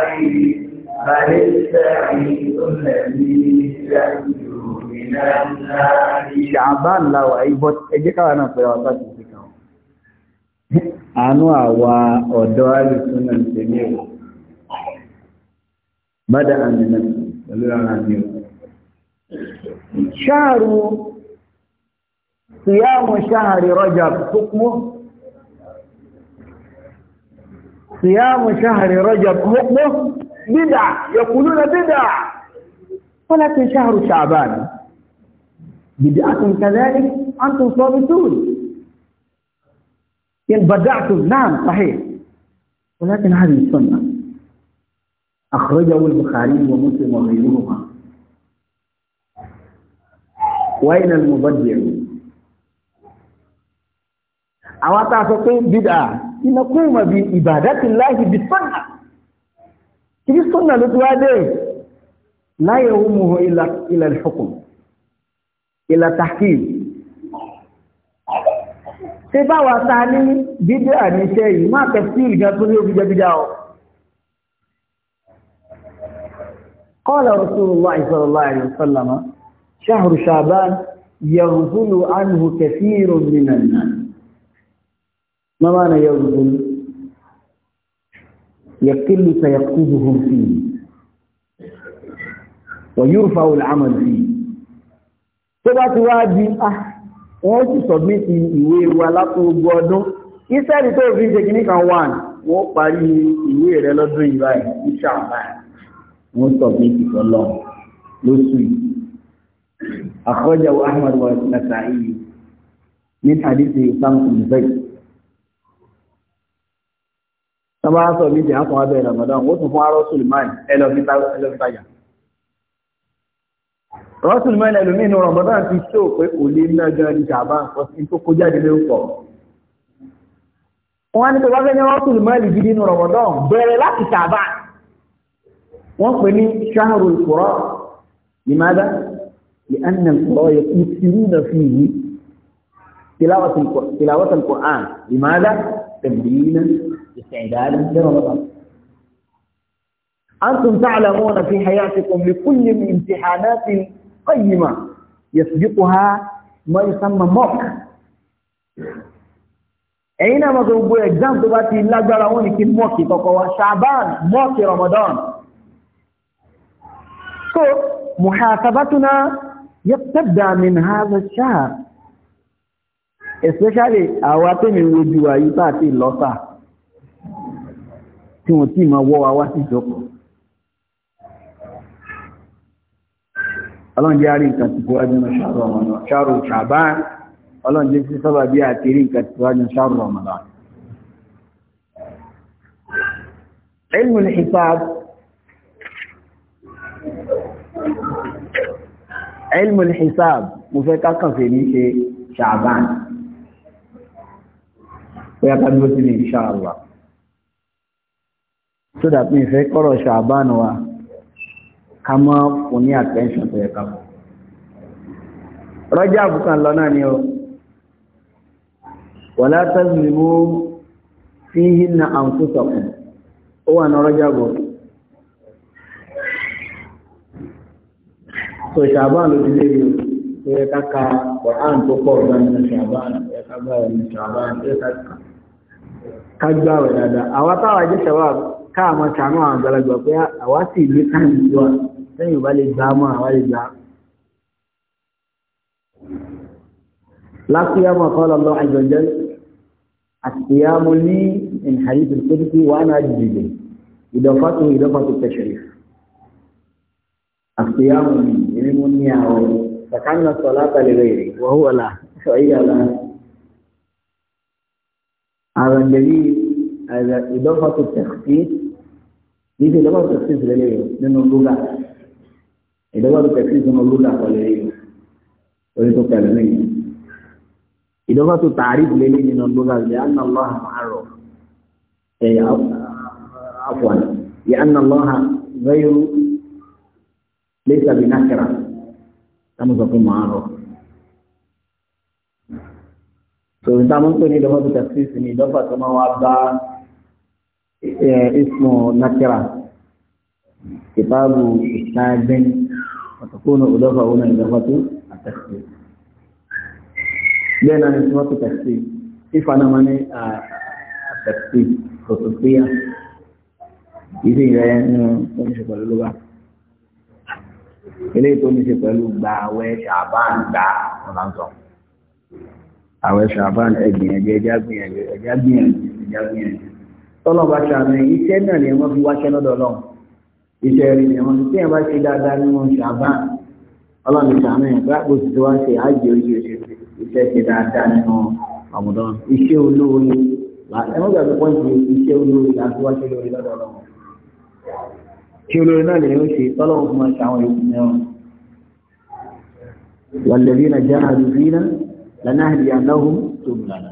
بل السعيد الذي ينجو من النار شعبان لا وعيبت اجيك انا في وقت àánú àwa ọ̀dọ́ àrùsúnà ìṣẹ́lẹ̀ bada àmìnà pẹ̀lú ara mi ọ̀pọ̀ شهر صيام شهر رجب حكمه صيام شهر رجب حكمه بدع يقولون بدع ولكن شهر شعبان بدعة كذلك أنتم صابتون إن بدعتم نعم صحيح ولكن هذه السنة أخرجه البخاري ومسلم وغيرهما wáyínà ni mo bọ́ di ẹ̀rù. àwọn atáàsọ pé bídà iná kú mọ̀ bí ìbàdàtì láì bí sọ́nà kí bí sọ́nà ló ti wá dé láyé ohun mu ilà ìfọkùn ilà tahkim ṣé báwa ta ní bídà ní iṣẹ́ yìí má tẹ̀ sí ìgbà tó ní òbí jẹ́ bídà o. قال رسول الله صلى الله عليه وسلم شهر شعبان يغفل عنه كثير من الناس ما معنى يغفل يقل فيقتدهم فيه ويرفع العمل فيه تبعت وادي اه wọ́n ti sọ̀bíti ìwé wa látún ogun ọdún ìsẹ́rì tó fi ṣe kìíní kan wà wọ́n parí ìwé rẹ̀ lọ́dún ìbáyìí ìṣàbáyìí wọ́n sọ̀bíti sọ́lọ́ lóṣù yìí أخرجه أحمد والنسائي من حديث أسامة بن زيد tọ́ba sọ ní ìdí àtọ̀ abẹ́ Ramadan ó tún fún arọ́ Suleiman ẹlọ́fítajà rọ́ Suleiman ẹlòmí inú Ramadan ti ṣó pé kò lè ná gan ní jàbá nǹkan tó kó jáde lé pọ̀ wọ́n ní tọ́ba fẹ́ ní rọ́ Suleiman gidi inú Ramadan bẹ̀rẹ̀ láti jàbá wọ́n pè ní ṣáàrù ìkúrọ́ ìmáda لأن القراية يكثرون فيه تلاوة تلاوة القرآن لماذا؟ تمرينا استعدادا لرمضان أنتم تعلمون في حياتكم لكل من امتحانات قيمة يسبقها ما يسمى موك أينما تقول إجزام تباتي لا جرعوني كي موكي فقوى شعبان موكي رمضان محاسبتنا yabtada min هذا الشهر، shahr especially àwa tèmi wojú wa yìí tá àti lọ́sà tí wọ́n tí ma wọ́ wa wá sí ìjọpọ̀ ọlọ́njẹ́ àrí nǹkan ti kó ajínà ṣàrù ọmọdé ṣàrù ṣàbá ọlọ́njẹ́ sí sábà bí àti rí nǹkan ti kó ajínà ṣàrù ọmọdé ilmu al-hisab ilmul hisab mo fẹ́ kákànfẹ́ ní ṣe ṣàbán bóyá ká dúró sí ní inshallah so that mi fẹ́ kọ́rọ̀ ṣàbán wa ká mọ́ fún ní attention tó yẹ ká fún rọ́jà àbùkàn lọ ni ó wala tazlimu fihinna anfusakum ó wà ní rọ́jà So ṣàbáà ló ti lé mi ó yẹ ká ka Quran tó pọ̀ ọ̀gá nínú ṣàbáà ó yẹ ká gbà nínú ṣàbáà ó yẹ ká gbà wẹ̀ dáadáa àwa táwa jẹ́ ṣàbáà ká àmọ́ ṣàánú àwọn àgbàlagbà pé àwa sì lé káyìn sí wa sẹ́yìn ìbá lè gbà á mọ́ àwa lè gbà á. لقيام قال الله عز وجل الصيام لي من حديث القدس وانا اجزي به اضافته اضافه التشريف الصيام لي mo فكان الصلاة لغيره وهو لا rẹ لا هذا الذي هذا إضافة التخفيف يجي إضافة التخفيف لليه لأنه اللغة إضافة التخفيف من اللغة وليه ولتكلمين إضافة التعريف لليه من اللغة لأن الله معروف أي عفوا لأن الله غير ليس بنكرة táwọn sọ pé màá rọ. sọ̀rọ̀ táwọn ń pè ní ìdọ́fà tó tẹ̀síìsì ní ìdọ́fà tó máa wá bá ismu nakira kitabu ìsáàgbẹ́ni ọ̀tọ̀kùnú ìdọ́fà òun ìdọ́fà tó tẹ̀síìsì. bẹ́ẹ̀ náà ni tí wọ́n tó tẹ̀síìsì ìfanamọ́ ní tẹ̀síìsì kòtòkúyà ìdí ìrẹ́ nínú oníṣẹ́ pẹ̀lú ló eléyìí tó ní ṣe pẹ̀lú gba àwẹ̀ ṣàbán gbà ọ̀làǹtọ̀ àwẹ̀ ṣàbán ẹgbìyànjú ẹjá gbìyànjú ẹjá gbìyànjú ẹjá gbìyànjú tọ́lọ́ bá ṣàmì iṣẹ́ náà ni wọ́n fi wáṣẹ́ lọ́dọ̀ ọlọ́run iṣẹ́ rí ni wọ́n ti tẹ́yìn bá ṣe dáadáa nínú ṣàbán ọlọ́run ṣàmì gbàgbó ti wá ṣe àjẹ oṣù iṣẹ́ ṣe dáadáa nínú ọmọdọ́ iṣẹ́ olóore ẹ̀mọ́gbàgbọ́ pọ́ǹtì iṣẹ́ olóore làtúwáṣẹ́ lórí lọ́dọ̀ ọlọ́run tí olórin náà lè yóò ṣe tọ́lọ́wọ́ fún ọṣà àwọn ìlú mẹ́wọ̀n wàlẹ́bí na jẹ́ àdúgbò náà lánàá àdì àdáhù tó bù lánà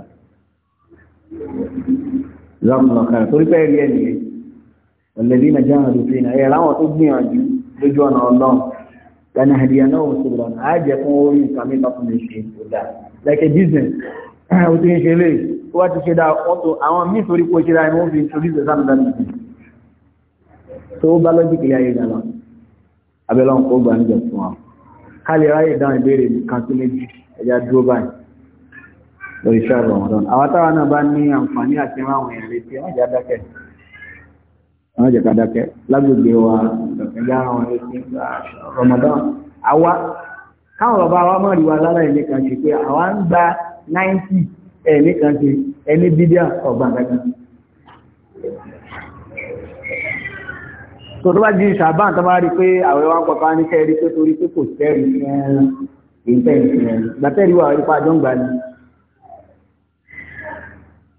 lọ́mọlọ́kà torí pé ẹ̀rí ẹ̀mí wàlẹ́bí na jẹ́ àdúgbò náà ẹ̀rọ àwọn tó gbìyànjú lójú ọ̀nà ọlọ́run lánàá àdì àdáhù tó bù lánà á fún orí nǹkan mẹ́ta fún mi ṣe kó dáa like a business ó ti ń ṣe lé wọ́n ti ṣe dáa wọ́n tó àwọn míì torí pé ṣe dáa ni wọ́n fi introduce the tó bá lọ́jíkì ilé ayé dáná abẹ́lọ́n kó gbà níjọ fún wa ká lè ráyè dáhùn ìbéèrè nìkan tó méjì ẹja dúró báyìí lórí iṣẹ́ ọ̀rọ̀ ọ̀dọ́n àwọn táwọn náà bá ní àǹfààní àti ráwọn èèyàn létí wọ́n jẹ́ dákẹ́ wọ́n jẹ́ ká dákẹ́ lágbègbè wa ẹja ráwọn létí Ramadan àwa káwọn bàbá wa mọ̀ rí wa lára ẹ̀mí kan ṣe 90 ẹ̀mí kan ṣe ẹni tó tó bá di ṣàbá tó bá rí pé àwẹ̀ wa ń pọ̀ káwọn níṣẹ́ rí pé torí pé kò sẹ́rì gbàtẹ́rì wà wípé àjọ ń gbà ní.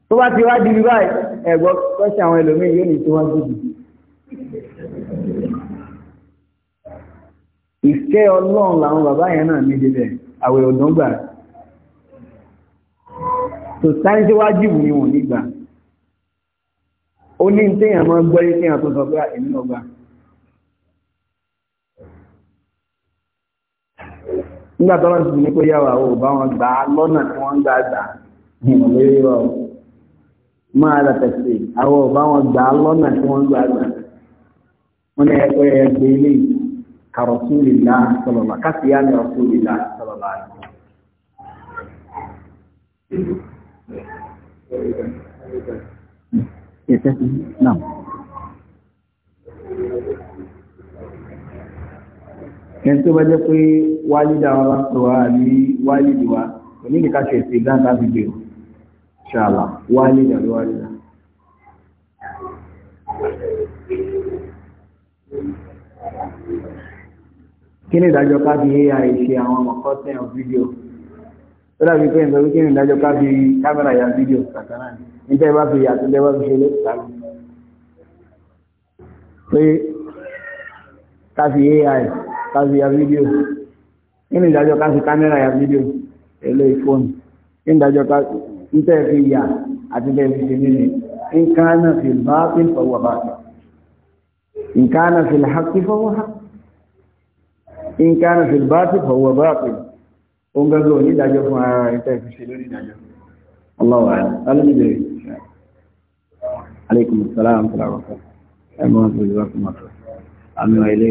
tó bá ti wá di bí báyìí ẹ̀gbọ́ kọ́sí àwọn ẹlòmíín yóò ní tí wọ́n dìbò. ìfẹ́ ọlọ́run làwọn bàbá yẹn náà ní débẹ̀ àwẹ̀ ọ̀dọ́ gbà tó sáyẹ́nsì wájìbù ni wọ́n nígbà ó ní téèyàn máa ń gbọ́ yín téèyàn tó sọ pé èmi náà gbà. nígbà tó lọ́sùn ní pé yàwó àwọn òbá wọn gbà á lọ́nà tí wọ́n ń gbà gbà ìmọ̀ lórí wa o máa lọ tẹ̀sí àwọn òbá wọn gbà á lọ́nà tí wọ́n ń gbà gbà wọ́n ní ẹgbẹ́ ẹgbẹ́ ilé kàrọ̀tún lè la sọlọ́lá káfí yá ni ọ̀tún lè la sọlọ́lá. Yes, yes, ẹni tó bá jẹ́ pé wálídà wa bá sọ wá ní wálídì wa òní nìka ṣe èsì gáńtà fi gbé o ṣàlà wálídà ló wálídà. kí ni ìdájọ́ ká fi ai ṣe àwọn ọmọkọ́ sẹ́yìn fídíò tó dàbí pé ìtọ́jú kí ni ìdájọ́ ká fi kámẹ́rà ya fídíò kàkàrà ní níta ìbá fi yàtọ̀ ìbá fi ṣe lẹ́sìtà lọ. pé ká fi ai káfí ya fídíò ini ni ìdájọ́ káfí kámẹ́rà ya fídíò ẹ̀lẹ́ ìfóònù kí ni ìdájọ́ káfí ń tẹ́ fi yà àti tẹ́ fi ṣe nínú nǹkan náà fi bá fi fọwọ́ bá nǹkan náà fi làákì fọwọ́ ha nǹkan náà fi bá fi fọwọ́ bá fi ó Allahu a'lam alóbi bèrè aleykum salaam salaam ẹ mọ́ ọ́n tó lè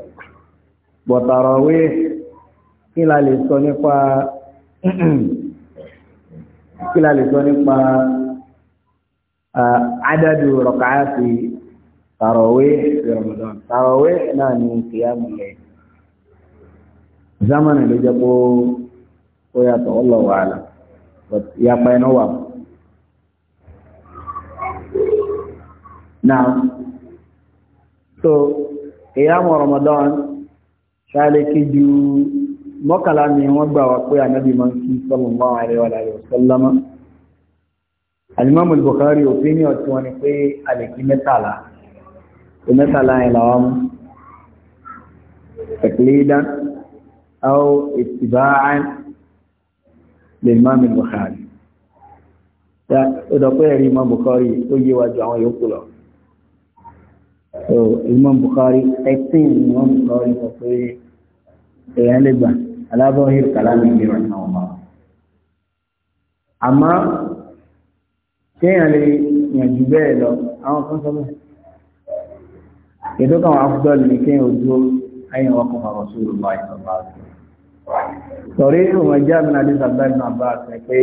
bọ̀tàrọ̀wé kí la lè sọ nípa kí la lè sọ nípa adadu rọ̀kàáti tàrọ̀wé fi Ramadan tàrọ̀wé náà ni kìyàmù lẹ̀ zamani ló jẹ́ kó ó yàtọ̀ ọlọ́wọ́ àlà ìyapa iná wà náà so kìyàmù Ramadan ṣáàlékí ju mọ́kànlá ni wọ́n gbà wá pé ànábì máa ń kí sallallahu alaihi wa alihi wa sallama alimami Bukhari òfin ní ọ̀tí wọn ni pé àlèkí mẹ́tàlá tó mẹ́tàlá yẹn làwọn mú taqlidan aw ittiba'an lilimami Bukhari ó dọ̀ ẹ̀rí imam Bukhari ó yé wájú àwọn yòókù lọ so Imam Bukhari thirteen Imam Bukhari sọ pé èèyàn lè gbà alábọ̀ hìr kàlámì mìíràn náà wà. àmọ́ téèyàn lè yànjú bẹ́ẹ̀ lọ àwọn kan sọ bẹ́ẹ̀ ètò kan wà fúdọ́ lè kéèyàn ojú ayẹyẹ wà kọfà rọ̀ṣúlù bá ìsọ̀ bá a sọ̀rí ìwọ̀n jẹ́ àmì àdìsá bẹ́ẹ̀ náà bá a sọ pé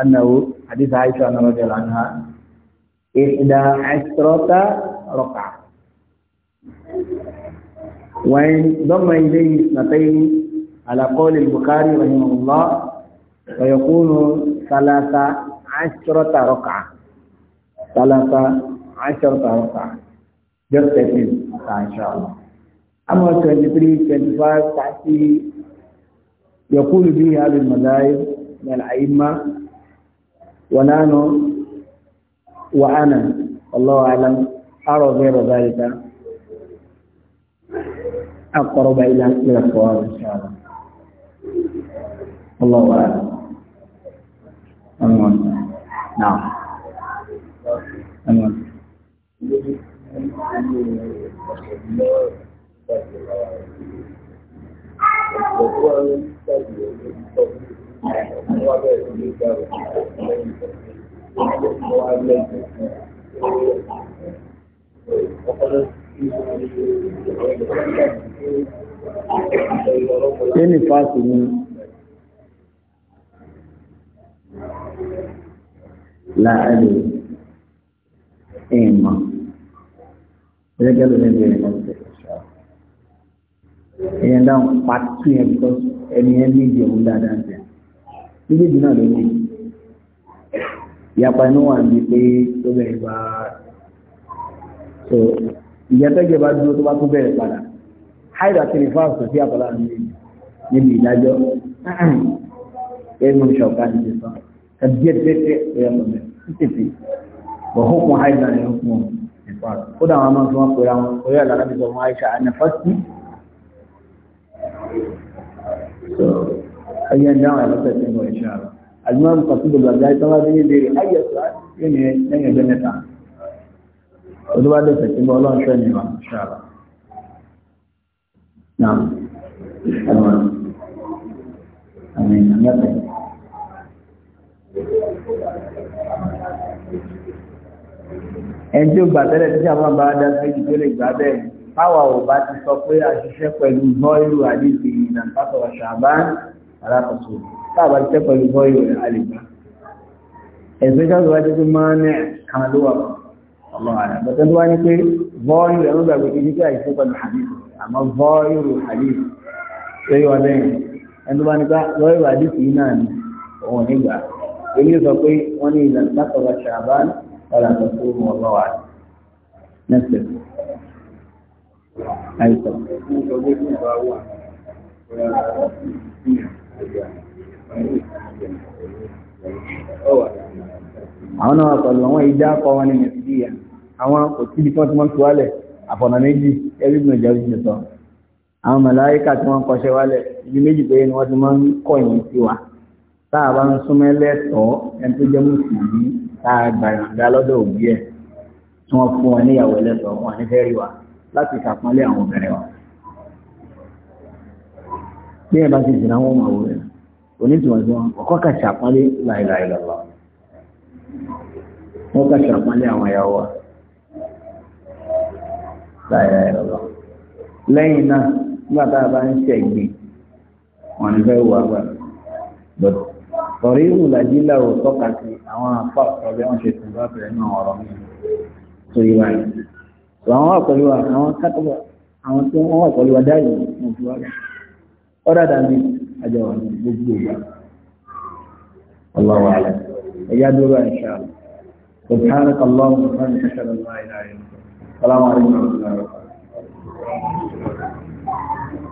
anáwó àdìsá àìsàn náà rọ̀jọ̀ lánàá ìdá àìsàn rọ̀ta rọ̀kà. ضم إليه اثنتين على قول البخاري رحمه الله ويكون ثلاثة عشرة ركعة ثلاثة عشرة ركعة جرت إن شاء الله أما 23 25 تأتي يقول به هذه المذاهب من الأئمة ونانو وأنا والله أعلم أرى غير ذلك أقرب إلى من الصواب إن شاء الله الله أعلم أمون نعم أمون Thank you. ṣé nífàásì ni láàárín ẹ̀mọ́ gẹ́gẹ́ ló ní ìbéèrè náà ṣe èèyàn dáhùn pàtó yẹn bíkọ́ ẹni yẹn ní ìdí òun dáadáa ṣe níbi ìdí náà ló ní ìyapa inú wà ní pé tó bẹ̀rẹ̀ bá so ìyẹ́tẹ́jẹ̀ bá dúró tó bá tún bẹ̀rẹ̀ padà haida kiri fáàsì sí àpàlà níbi ìdájọ́ ẹnu ìṣọ̀ká ní ti sọ ẹgbẹ́ tẹ́tẹ́ ẹ̀yọ́ mẹ́ títí bọ̀ hókun haida ní hókun ìfààsì ó dà wọn máa fi wọn pèrè àwọn orí àlàlá ti sọ fún Aisha anafasi ayé ń dáhùn ẹ̀lọ́sẹ̀ tí ń bọ̀ ìṣàrọ̀ àdúrà ń pàṣẹ gbogbo àgbáyé tó wá sí ní ìbéèrè ayé sọ olúwa lè tẹ̀sí bọ́ ọlọ́run ṣẹ́ nìyàn ṣáàlá. Náà, ẹ̀wọ̀n, àmì ìyàmẹ́tẹ̀. Ẹni tí ó gbà tẹ́lẹ̀ tí àwọn bá dá sí ìdí tó lè gbà bẹ́ẹ̀, káwa ò bá ti sọ pé àṣìṣe pẹ̀lú bọ́ìlù àdìsí ìdàǹtàkọ̀ ṣàbá alákòóso. Táàbà ti tẹ́ pẹ̀lú bọ́ìlù àlègbà. Ẹ̀sìn ìjọba ti fi máa ń ní kan ló wà kan ọlọ́run àná bọ́tẹ́ tó wá ní pé vọ́ọ̀rì rẹ̀ ló gbàgbé kí nígbà ìṣó pẹ̀lú hadith àmọ́ vọ́ọ̀rì rò hadith ṣé yọ ni òun nígbà èmi sọ pé wọ́n ní ìlànà látọ̀rọ̀ ṣàbán ọ̀là tó tó mọ̀ ọlọ́wà nẹ́sẹ̀ àìsàn. àwọn náà sọ̀rọ̀ wọn ìjà kọ́ wọn ní nàìjíríà àwọn òtíbi tí wọ́n ti mọ́ tu wálẹ̀ àfọ̀nà méjì ẹgbẹ́gbẹ́ ìjà ojú nìtọ́ àwọn màláíkà tí wọ́n kọṣẹ́ wálẹ̀ ibi méjì pé ni wọ́n ti máa ń kọ̀ yín sí wa tá a bá ń súnmọ́ ẹlẹ́tọ̀ọ́ ẹni tó jẹ́ mùsùlùmí tá a gbà yàǹda lọ́dọ̀ òbí ẹ̀ tí wọ́n fún wọn níyàwó ẹlẹ́tọ̀ọ́ wọn ní fẹ́ẹ́ rí wa láti ṣàpọ́nlé àwọn obìnrin wa. bí ẹ bá ti jìnnà wọn máa wò rẹ̀ ọkọ̀ kà ṣàpọ́nlé láìláìlọ́lọ́ wọn kà ṣàpọ́nlé àwọn ìyàwó wa láyé ẹ̀rọ lẹ́yìn náà nígbà tá a bá ń ṣẹ̀gbìn wọn ni fẹ́ wù agbára but ọ̀rọ̀ ìrù làjílà ò tọ́ka sí àwọn àpá ọ̀rẹ́ wọn ṣe tìǹbà bẹ̀rẹ̀ náà ọ̀rọ̀ mi tó yí báyìí tó àwọn wà pẹ̀lú àwọn kátàbà àwọn tí wọ́n wà pẹ̀lú adáyé wọn ti wá bá ọ̀rọ̀ dàbí àjọwọ̀ gbogbo ìgbà ọlọ́wọ́ àlẹ́ dúró àìsàn سبحانك اللهم وبحمدك اشهد ان لا اله الا انت Assalamu alaikum warahmatullahi wabarakatuh